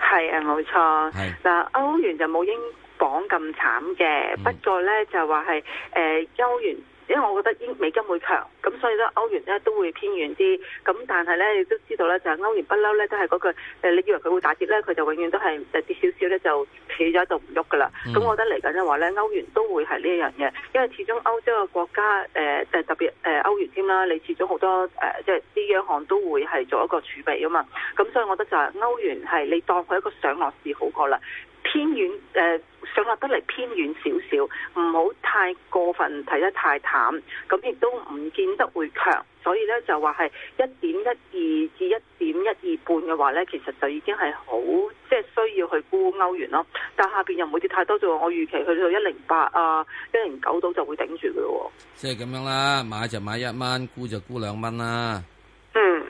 係啊，冇錯。係嗱，歐元就冇英鎊咁慘嘅，不過咧就話係誒歐元。因為我覺得英美金會強，咁所以咧歐元咧都會偏軟啲。咁但係咧，你都知道咧，就係歐元不嬲咧都係嗰句，誒，你以為佢會打跌咧，佢就永遠都係誒跌少少咧就企咗就唔喐噶啦。咁、嗯、我覺得嚟緊嘅話咧，歐元都會係呢樣嘅，因為始終歐洲嘅國家誒誒、呃、特別誒、呃、歐元添啦，你始終好多誒、呃、即係啲央行都會係做一個儲備啊嘛。咁所以我覺得就係歐元係你當佢一個上落市好過啦。偏遠，誒、呃，上落得嚟偏遠少少，唔好太過分睇得太淡，咁亦都唔見得會強，所以咧就1.12 1.12話係一點一二至一點一二半嘅話咧，其實就已經係好，即、就、係、是、需要去沽歐元咯。但下邊又唔會跌太多，就我預期去到一零八啊，一零九度就會頂住佢喎。即係咁樣啦，買就買一蚊，沽就沽兩蚊啦。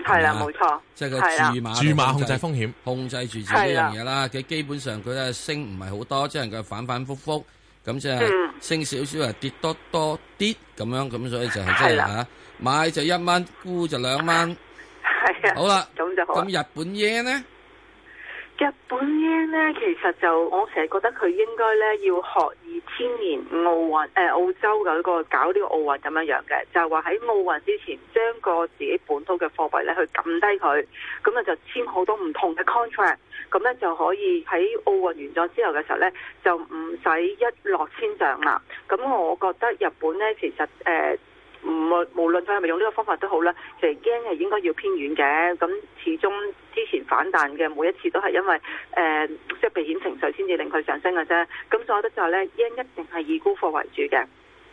係啦冇錯，即係佢注碼，注碼控制風險，控制住自己呢樣嘢啦，佢基本上佢升唔係好多，即係佢反反復復，升少少跌多多啲咁樣，咁所以就係即係話，買就一蚊，沽就兩蚊。Yeah, right. yeah. [coughs] [coughs] [coughs] [coughs] 咁日本嘢呢？日本呢，其實就我成日覺得佢應該呢要學二千年奧運，呃、澳洲嗰個搞呢個奧運咁樣樣嘅，就係話喺奧運之前將個自己本土嘅貨幣呢去撳低佢，咁啊就簽好多唔同嘅 contract，咁呢就可以喺奧運完咗之後嘅時候呢，就唔使一落千丈啦。咁我覺得日本呢，其實、呃唔，無論佢係咪用呢個方法都好啦，其實驚係應該要偏遠嘅。咁始終之前反彈嘅每一次都係因為誒、呃，即係避險情緒先至令佢上升嘅啫。咁所以我覺得就係咧，驚一定係以沽貨為主嘅。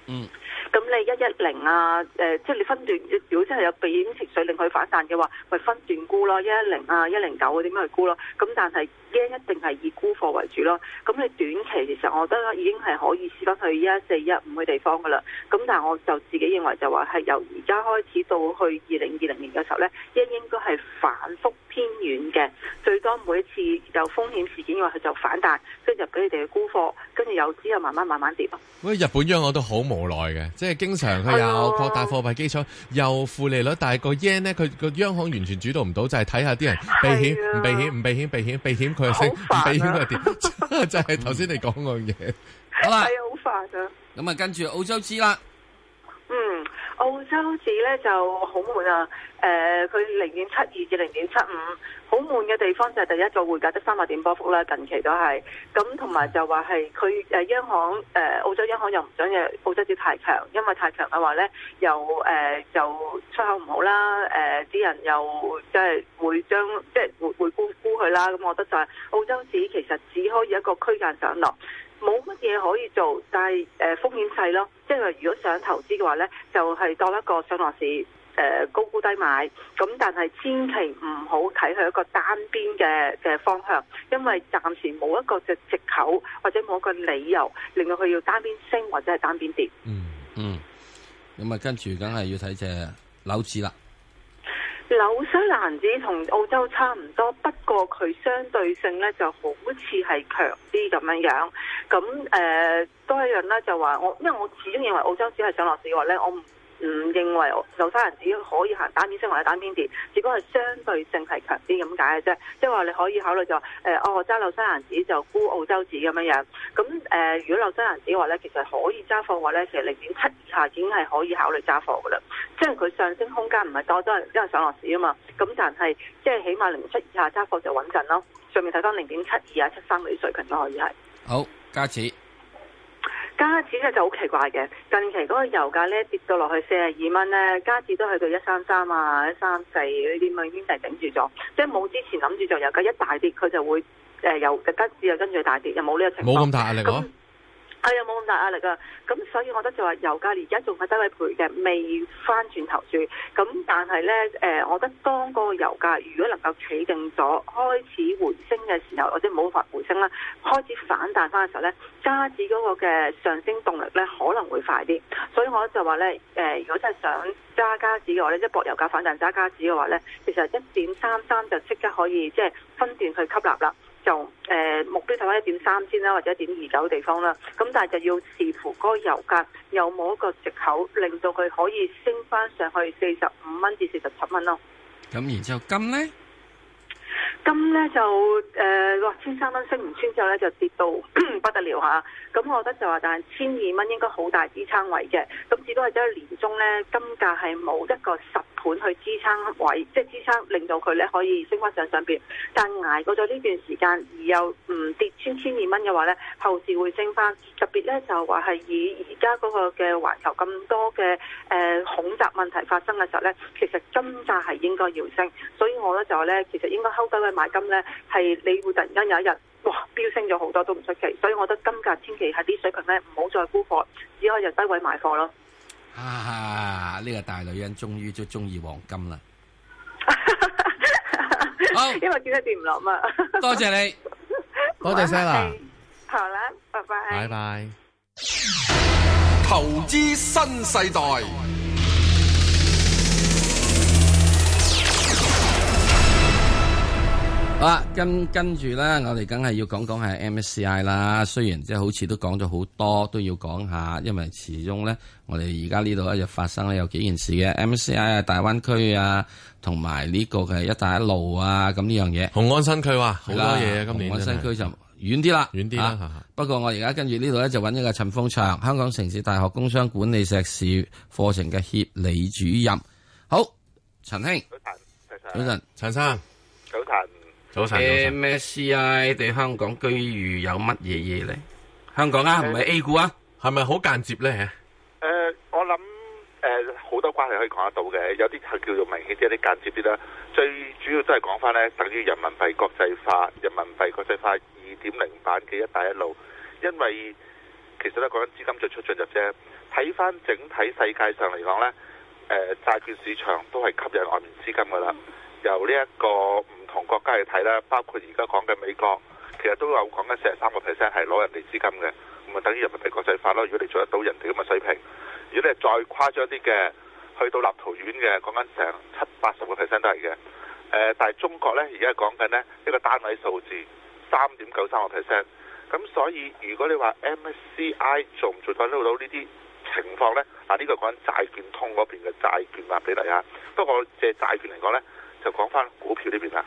嗯。咁你一一零啊，誒、呃，即係你分段，如果真係有避險情緒令佢反彈嘅話，咪分段沽咯，一一零啊，一零九啊，點樣去沽咯？咁但係，一一定係以沽貨為主咯。咁你短期其實我覺得已經係可以試翻去一四一五嘅地方噶啦。咁但係我就自己認為就話係由而家開始到去二零二零年嘅時候咧，一應該係反覆偏軟嘅，最多每一次有風險事件嘅話，佢就反彈，跟住入俾你哋嘅沽貨，跟住有之後慢慢慢慢跌咯。日本央我都好無奈嘅。即係經常佢又擴大貨幣基礎，哦、又負利率，但係個 yen 咧，佢個央行完全主導唔到，就係睇下啲人避險唔、啊、避險唔避險避險避險，佢又升，唔避險佢又跌，啊啊 [laughs] 真剛才 [laughs] 啊、就係頭先你講嘅嘢。好啦，係好煩㗎，咁啊，跟住澳洲知啦。澳洲市咧就好悶啊！誒、呃，佢零點七二至零點七五，好悶嘅地方就係第一個匯價得三百點波幅啦，近期都係咁，同埋就話係佢誒央行、呃、澳洲央行又唔想嘅澳洲市太強，因為太強嘅話咧，又誒、呃、就出口唔好啦，誒、呃、啲人又即係會將即係、就是、會會沽沽佢啦。咁我覺得就係澳洲市其實只可以一個區間上落。冇乜嘢可以做，但係誒風險細咯，即係如果想投資嘅話咧，就係當一個上落市誒、呃、高估低買，咁但係千祈唔好睇佢一個單邊嘅嘅方向，因為暫時冇一個只借口或者冇一個理由令到佢要單邊升或者係單邊跌。嗯嗯，咁啊，跟住梗係要睇隻樓市啦。紐西蘭紙同澳洲差唔多，不過佢相對性咧就好似係強啲咁樣樣。咁誒，都、呃、一樣啦，就話我，因為我始終認為澳洲紙係上落市話咧，我唔。唔認為紐西蘭紙可以行單邊升或者單邊跌，只不過係相對性係強啲咁解嘅啫。即係話你可以考慮、哦、就誒，我揸紐西蘭紙就沽澳洲紙咁樣樣。咁誒、呃，如果紐西蘭紙話咧，其實可以揸貨話咧，其實零點七以下已經係可以考慮揸貨噶啦。即係佢上升空間唔係多，都係因為上落市啊嘛。咁但係即係起碼零點七以下揸貨就穩陣咯。上面睇翻零點七二啊，七三嗰啲水平都可以係。好，嘉恵。加指咧就好奇怪嘅，近期嗰個油價咧跌到落去四十二蚊咧，加指都去到一三三啊，一三四呢啲咪已經係頂住咗，即係冇之前諗住就油價一大跌佢就會誒油加指又跟住大跌，又冇呢個情況，冇咁大壓力嗬。係、哎、啊，冇咁大壓力啊。咁所以，我覺得就話油價而家仲喺低位盤嘅，未翻轉頭住。咁但係呢，誒，我覺得當個油價如果能夠企定咗，開始回升嘅時候，或者冇法回升啦，開始反彈翻嘅時候呢，加紙嗰個嘅上升動力呢可能會快啲。所以我就話呢，誒、呃，如果真係想揸加紙嘅話呢，即係博油價反彈揸加紙嘅話呢，其實一點三三就即刻可以即係、就是、分段去吸納啦。就誒、呃、目標睇翻一點三千啦，或者一點二九地方啦。咁但係就要視乎嗰個油價有冇一個藉口，令到佢可以升翻上去四十五蚊至四十七蚊咯。咁然之後金呢？金咧，就誒，哇，千三蚊升唔穿，之後咧，就跌到不得了吓。咁我覺得就話，但係千二蚊應該好大支撐位嘅。咁至多係得年中咧，金價係冇一個十盤去支撐位，即係支撐令到佢咧可以升翻上上邊。但係挨過咗呢段時間，而又唔跌穿千二蚊嘅話咧，後市會升翻。特別咧就話係以而家嗰個嘅環球咁多嘅誒、呃、恐襲問題發生嘅時候咧，其實金價係應該要升。所以我咧就話咧，其實應該。收低位買金咧，係你會突然間有一日，哇，飆升咗好多都唔出奇，所以我覺得金價千祈喺啲水平咧唔好再沽貨，只可以喺低位買貨咯。哈，呢個大女人終於都中意黃金啦。好，因為跌得掂唔落啊，多謝你，多謝 Sir 啦。Sella, 好啦，拜拜。拜拜。投資新世代。好啦，跟跟住呢，我哋梗係要講講係 MSCI 啦。雖然即係好似都講咗好多，都要講下，因為始終咧，我哋而家呢度呢就發生咧有幾件事嘅 MSCI 啊，大灣區啊，同埋呢個嘅一帶一路啊，咁呢樣嘢。雄安新區啊，好多嘢啊！今年雄安新區就遠啲啦，遠啲啦、啊嗯。不過我而家跟住呢度咧，就搵一個陳鳳翔，香港城市大學工商管理碩士課程嘅協理主任。好，陳兄，早晨，陳生，早晨。早晨 MSCI 對香港機遇有乜嘢嘢呢？香港啊，唔係 A 股啊，係咪好間接呢？誒、呃，我諗誒好多關係可以講得到嘅，有啲係叫做明顯啲，有啲間接啲啦。最主要都係講翻呢，等於人民幣國際化，人民幣國際化二點零版嘅一帶一路。因為其實呢講緊資金進出進入啫。睇翻整體世界上嚟講呢，誒債券市場都係吸引外面資金噶啦、嗯，由呢、這、一個。同國家去睇啦，包括而家講嘅美國，其實都有講緊四十三個 percent 係攞人哋資金嘅，咁啊等於人民幣國際化咯。如果你做得到人哋咁嘅水平，如果你係再誇張啲嘅，去到立陶宛嘅講緊成七八十個 percent 都係嘅、呃。但係中國呢，而家講緊呢一、這個單位數字三點九三個 percent。咁所以如果你話 MSCI 做唔做到呢啲情況呢，嗱、這、呢個講緊債券通嗰邊嘅債券話俾大家。不過借債券嚟講呢，就講翻股票呢邊啦。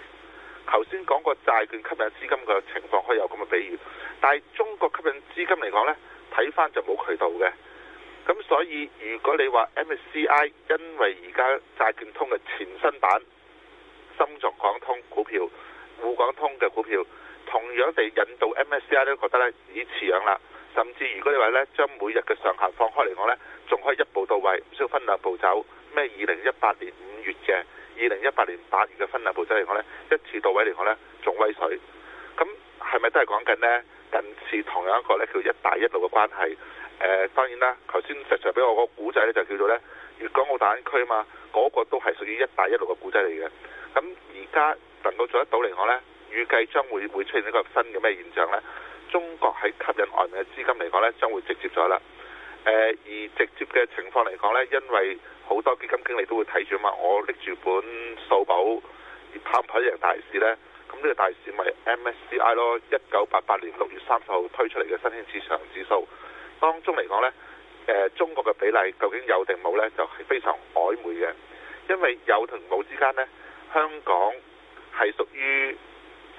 頭先講過債券吸引資金嘅情況可以有咁嘅比喻，但係中國吸引資金嚟講呢，睇翻就冇渠道嘅。咁所以如果你話 MSCI 因為而家債券通嘅前身版深作港通股票，滬港通嘅股票，同樣地引導 MSCI 都覺得呢，已似樣啦。甚至如果你話呢，將每日嘅上限放開嚟講呢，仲可以一步到位，唔需要分兩步走。咩二零一八年五月嘅？二零一八年八月嘅分類報制嚟講呢，一次到位嚟講呢仲威水。咁係咪都係講緊呢，近次同樣一個呢，叫“一大一路”嘅關係。當、呃、當然啦，頭先實 s 俾我個古仔呢，就叫做呢粵港澳大區嘛，嗰、那個都係屬於“一大一路”嘅古仔嚟嘅。咁而家能夠做得到嚟講呢，預計將會會出現一個新嘅咩現象呢？中國喺吸引外面嘅資金嚟講呢，將會直接咗啦、呃。而直接嘅情況嚟講呢，因為好多基金經理都會睇住啊嘛，我拎住本數簿跑唔贏一樣大市呢，咁呢個大市咪 MSCI 咯，一九八八年六月三十號推出嚟嘅新興市場指數，當中嚟講呢，中國嘅比例究竟有定冇呢？就係非常曖昧嘅，因為有同冇之間呢，香港係屬於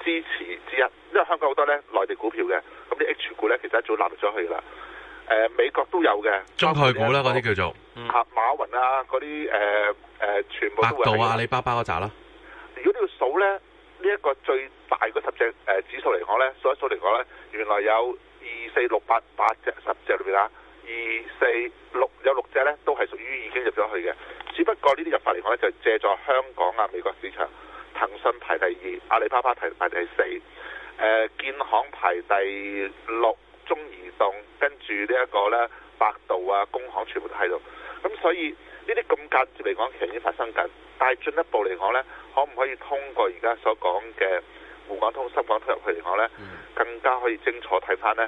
支持之一，因為香港好多呢內地股票嘅，咁啲 H 股呢，其實一早納入咗去啦。誒，美國都有嘅中概股啦，嗰啲叫做，吓馬雲啊，嗰啲誒誒，全部都百度啊，阿里巴巴嗰扎啦。如果你要數咧，呢一個最大嘅十隻誒指數嚟講咧，數一數嚟講咧，原來有二四六八八隻十隻裏邊啊，二四六有六隻咧都係屬於已經入咗去嘅，只不過呢啲入法嚟講咧就借助香港啊美國市場，騰訊排第二，阿里巴巴排排第四，誒建行排第六。中移動，跟住呢一個呢百度啊，工行全部都喺度。咁所以呢啲咁隔絕嚟講，其實已經發生緊。但係進一步嚟講呢，可唔可以通過而家所講嘅滬港通、深港通入去嚟講呢？更加可以精確睇翻呢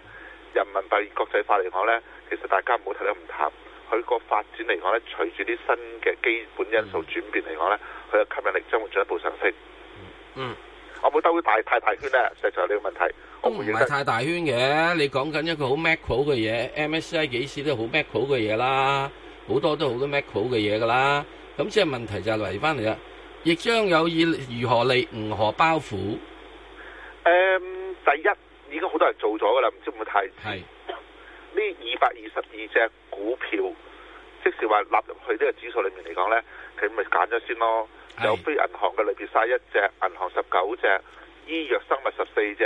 人民幣國際化嚟講呢？其實大家唔好睇得咁淡。佢個發展嚟講呢，隨住啲新嘅基本因素轉變嚟講呢，佢嘅吸引力將會進一步上升。嗯。嗯。我冇兜啲太大大圈咧，實在係呢個問題。唔係太大圈嘅，你講緊一個好 macro 嘅嘢，MSCI 幾時都好 macro 嘅嘢啦，好多都好多 macro 嘅嘢噶啦。咁即係問題就係嚟返嚟啦，亦將有以如何利如何包袱。誒、嗯，第一已經好多人做咗噶啦，唔知會唔會太？係。呢二百二十二隻股票，即係話納入去呢個指數裏面嚟講咧，佢咪揀咗先咯。有非銀行嘅裏面晒一隻，銀行十九隻，醫藥生物十四隻，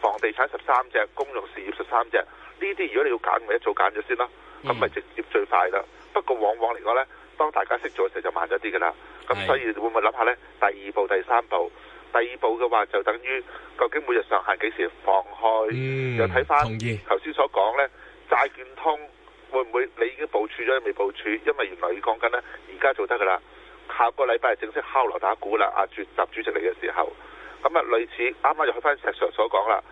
房地產十三隻，公用事業十三隻。呢啲如果你要揀，咪一早揀咗先咯，咁、嗯、咪直接最快啦。不過往往嚟講呢，當大家識做嘅時候就慢咗啲噶啦。咁所以會唔會諗下呢？第二步、第三步，第二步嘅話就等於究竟每日上限幾時放開？又睇翻頭先所講呢，債券通會唔會你已經部署咗，未部署？因為原來已講緊呢，而家做得噶啦。下個禮拜正式敲鑼打鼓啦！習主席主席嚟嘅時候，咁啊，類似啱啱又去翻石 Sir 所講啦，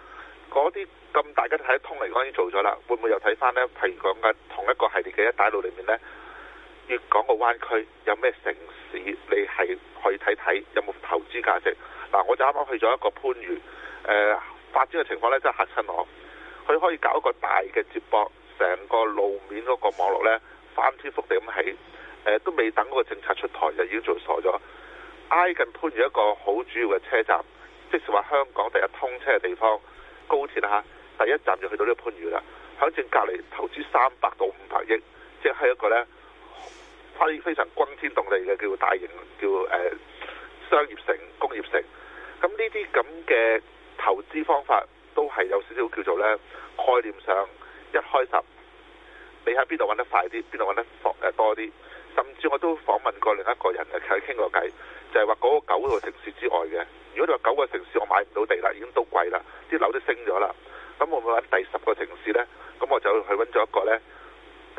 嗰啲咁大家睇得通嚟已經做咗啦，會唔會又睇翻呢？譬如講緊同一個系列嘅一帶一路裏面呢，粵港澳灣區有咩城市你係可以睇睇，有冇投資價值？嗱，我就啱啱去咗一個番禺，誒、呃、發展嘅情況呢，真係嚇親我，佢可以搞一個大嘅接駁，成個路面嗰個網絡呢翻天覆地咁起。誒都未等嗰個政策出台了，就已經做了傻咗。挨近番禺一個好主要嘅車站，即是話香港第一通車嘅地方，高鐵啊，嚇，第一站就去到呢個番禺啦。響正隔離投資三百到五百億，即係一個呢非非常轟天動地嘅叫大型叫誒商業城、工業城。咁呢啲咁嘅投資方法都係有少少叫做呢概念上一開頭，你喺邊度揾得快啲，邊度揾得多誒多啲。甚至我都訪問過另一個人啊，佢傾過偈，就係話嗰個九個城市之外嘅，如果你話九個城市我買唔到地啦，已經都貴啦，啲樓都升咗啦，咁會唔會喺第十個城市呢，咁我就去揾咗一個呢，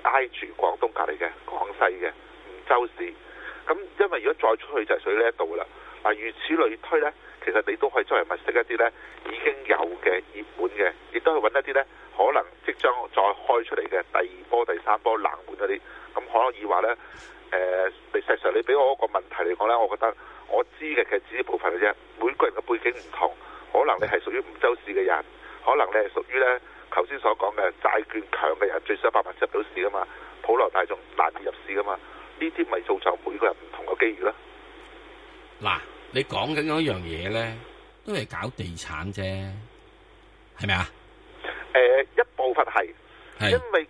挨住廣東隔離嘅廣西嘅梧州市。咁因為如果再出去就係水呢一度啦。嗱，如此類推呢，其實你都可以作為物色一啲呢已經有嘅熱門嘅，亦都去揾一啲呢可能即將再開出嚟嘅第二波、第三波冷門嗰啲。咁可以話呢，誒、呃，你實上你俾我一個問題嚟講咧，我覺得我知嘅，其實只係部分嘅啫。每個人嘅背景唔同，可能你係屬於梧州市嘅人，可能你係屬於呢頭先所講嘅債券強嘅人，最少百分之十入到市噶嘛，普羅大眾難以入市噶嘛，呢啲咪造就每個人唔同嘅機遇咧。嗱，你講緊嗰一樣嘢呢，都係搞地產啫，係咪啊？誒、呃，一部分係，因為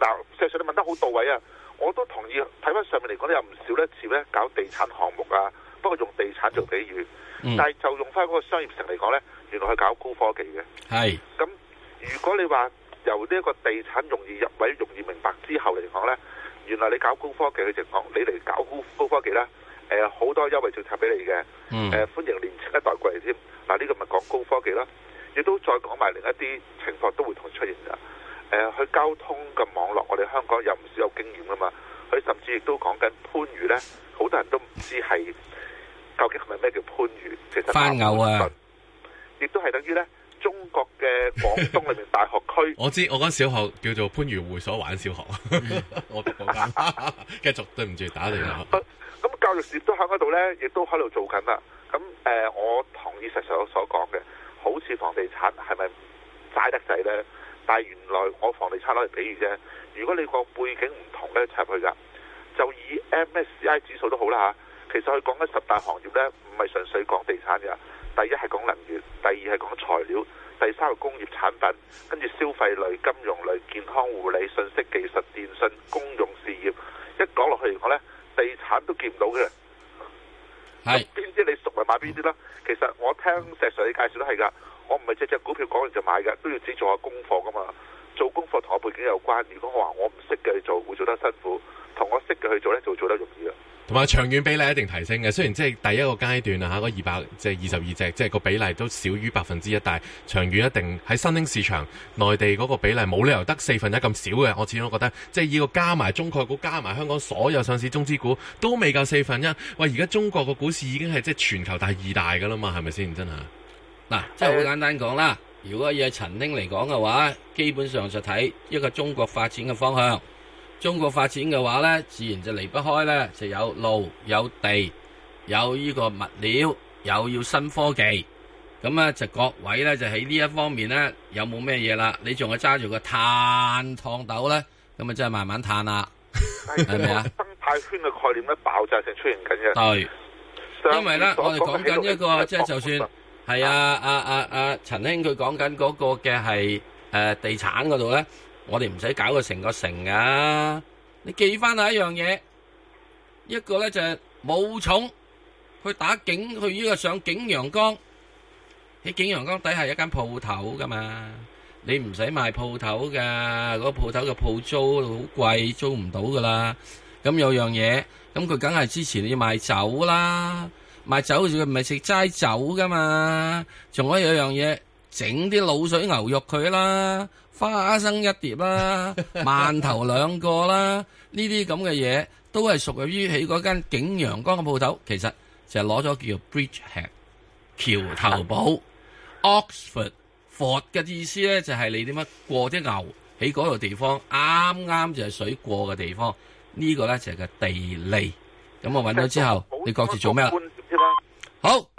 嗱，實上你問得好到位啊！我都同意，睇翻上面嚟講咧，有唔少一次咧搞地產項目啊。不過用地產做比喻，嗯、但係就用翻嗰個商業城嚟講咧，原來係搞高科技嘅。係。咁如果你話由呢一個地產容易入位、容易明白之後嚟講咧，原來你搞高科技嘅情況，你嚟搞高高科技啦。誒、呃，好多優惠政策俾你嘅。誒、嗯呃，歡迎年輕一代過嚟添。嗱，呢個咪講高科技咯。亦都再講埋另一啲情況都會同出現㗎。誒、呃，佢交通嘅網絡，我哋香港又唔少有經驗噶嘛。佢甚至亦都講緊番禺咧，好多人都唔知係究竟係咪咩叫番禺。其實番牛啊，亦都係等於咧中國嘅廣東裏面大學區。 [laughs] 我知道我嗰間小學叫做番禺會所玩小學。嗯、 [laughs] 我我講不， [laughs] 繼續對唔住打亂咗。咁、嗯、教育事業都喺嗰度咧，亦都喺度做緊啦。咁、啊、誒，我同意實實所講嘅，好似房地產係咪齋得滯咧？但原來我房地產攞嚟比喻啫，如果你個背景唔同咧，入去噶就以 MSCI 指數都好啦嚇。其實佢講緊十大行業咧，唔係純粹講地產嘅。第一係講能源，第二係講材料，第三係工業產品，跟住消費類、金融類、健康護理、信息技術、電信、公用事業。一講落去的我咧，地產都見唔到嘅。係邊啲你熟咪買邊啲啦？其實我聽石 Sir 介紹都係噶。我唔係隻隻股票講完就買㗎，都要自己做下功課噶嘛。做功課同我背景有關。如果我話我唔識嘅去做，會做得辛苦；同我識嘅去做咧，就會做得容易啊。同埋長遠比例一定提升嘅。雖然即係第一個階段啊嚇嗰二百即係、就是、二十二隻，即係個比例都少於百分之一，但係長遠一定喺新興市場內地嗰個比例冇理由得四分一咁少嘅。我始終覺得即係以個加埋中概股加埋香港所有上市中資股都未夠四分一。喂，而家中國個股市已經係即係全球第二大噶啦嘛？係咪先？真係。嗱、啊，即係好簡單講啦。如果以陳兄嚟講嘅話，基本上就睇一個中國發展嘅方向。中國發展嘅話咧，自然就離不開咧，就有路、有地、有呢個物料，又要新科技。咁咧就各位咧就喺呢一方面咧有冇咩嘢啦？你仲係揸住個炭燙斗咧？咁啊真係慢慢嘆啦，係咪 [laughs] 是啊？生態圈嘅概念咧，爆炸性出現緊嘅。對，因為咧我哋講緊一個即係就算。係啊，阿阿阿陳兄佢講緊嗰個嘅係誒地產嗰度咧，我哋唔使搞個成個城噶。你記翻下一樣嘢，一個咧就武松去打景，去依個上景陽岡。喺景陽岡底下有一間鋪頭噶嘛，你唔使賣鋪頭噶，嗰鋪頭嘅鋪租好貴，租唔到噶啦。咁有樣嘢，咁佢梗係支持你要賣酒啦。賣酒佢唔係食齋酒噶嘛，仲可以有樣嘢整啲滷水牛肉佢啦，花生一碟啦，饅頭兩個啦，呢啲咁嘅嘢都係屬於於喺嗰間景陽岡嘅鋪頭，其實就係攞咗叫 Bridgehead 橋頭堡 Oxford Ford 嘅意思咧，就係你點樣過啲牛喺嗰個地方啱啱就係水過嘅地方，呢、這個咧就係個地利，咁我揾到之後，你覺住做咩啦？好。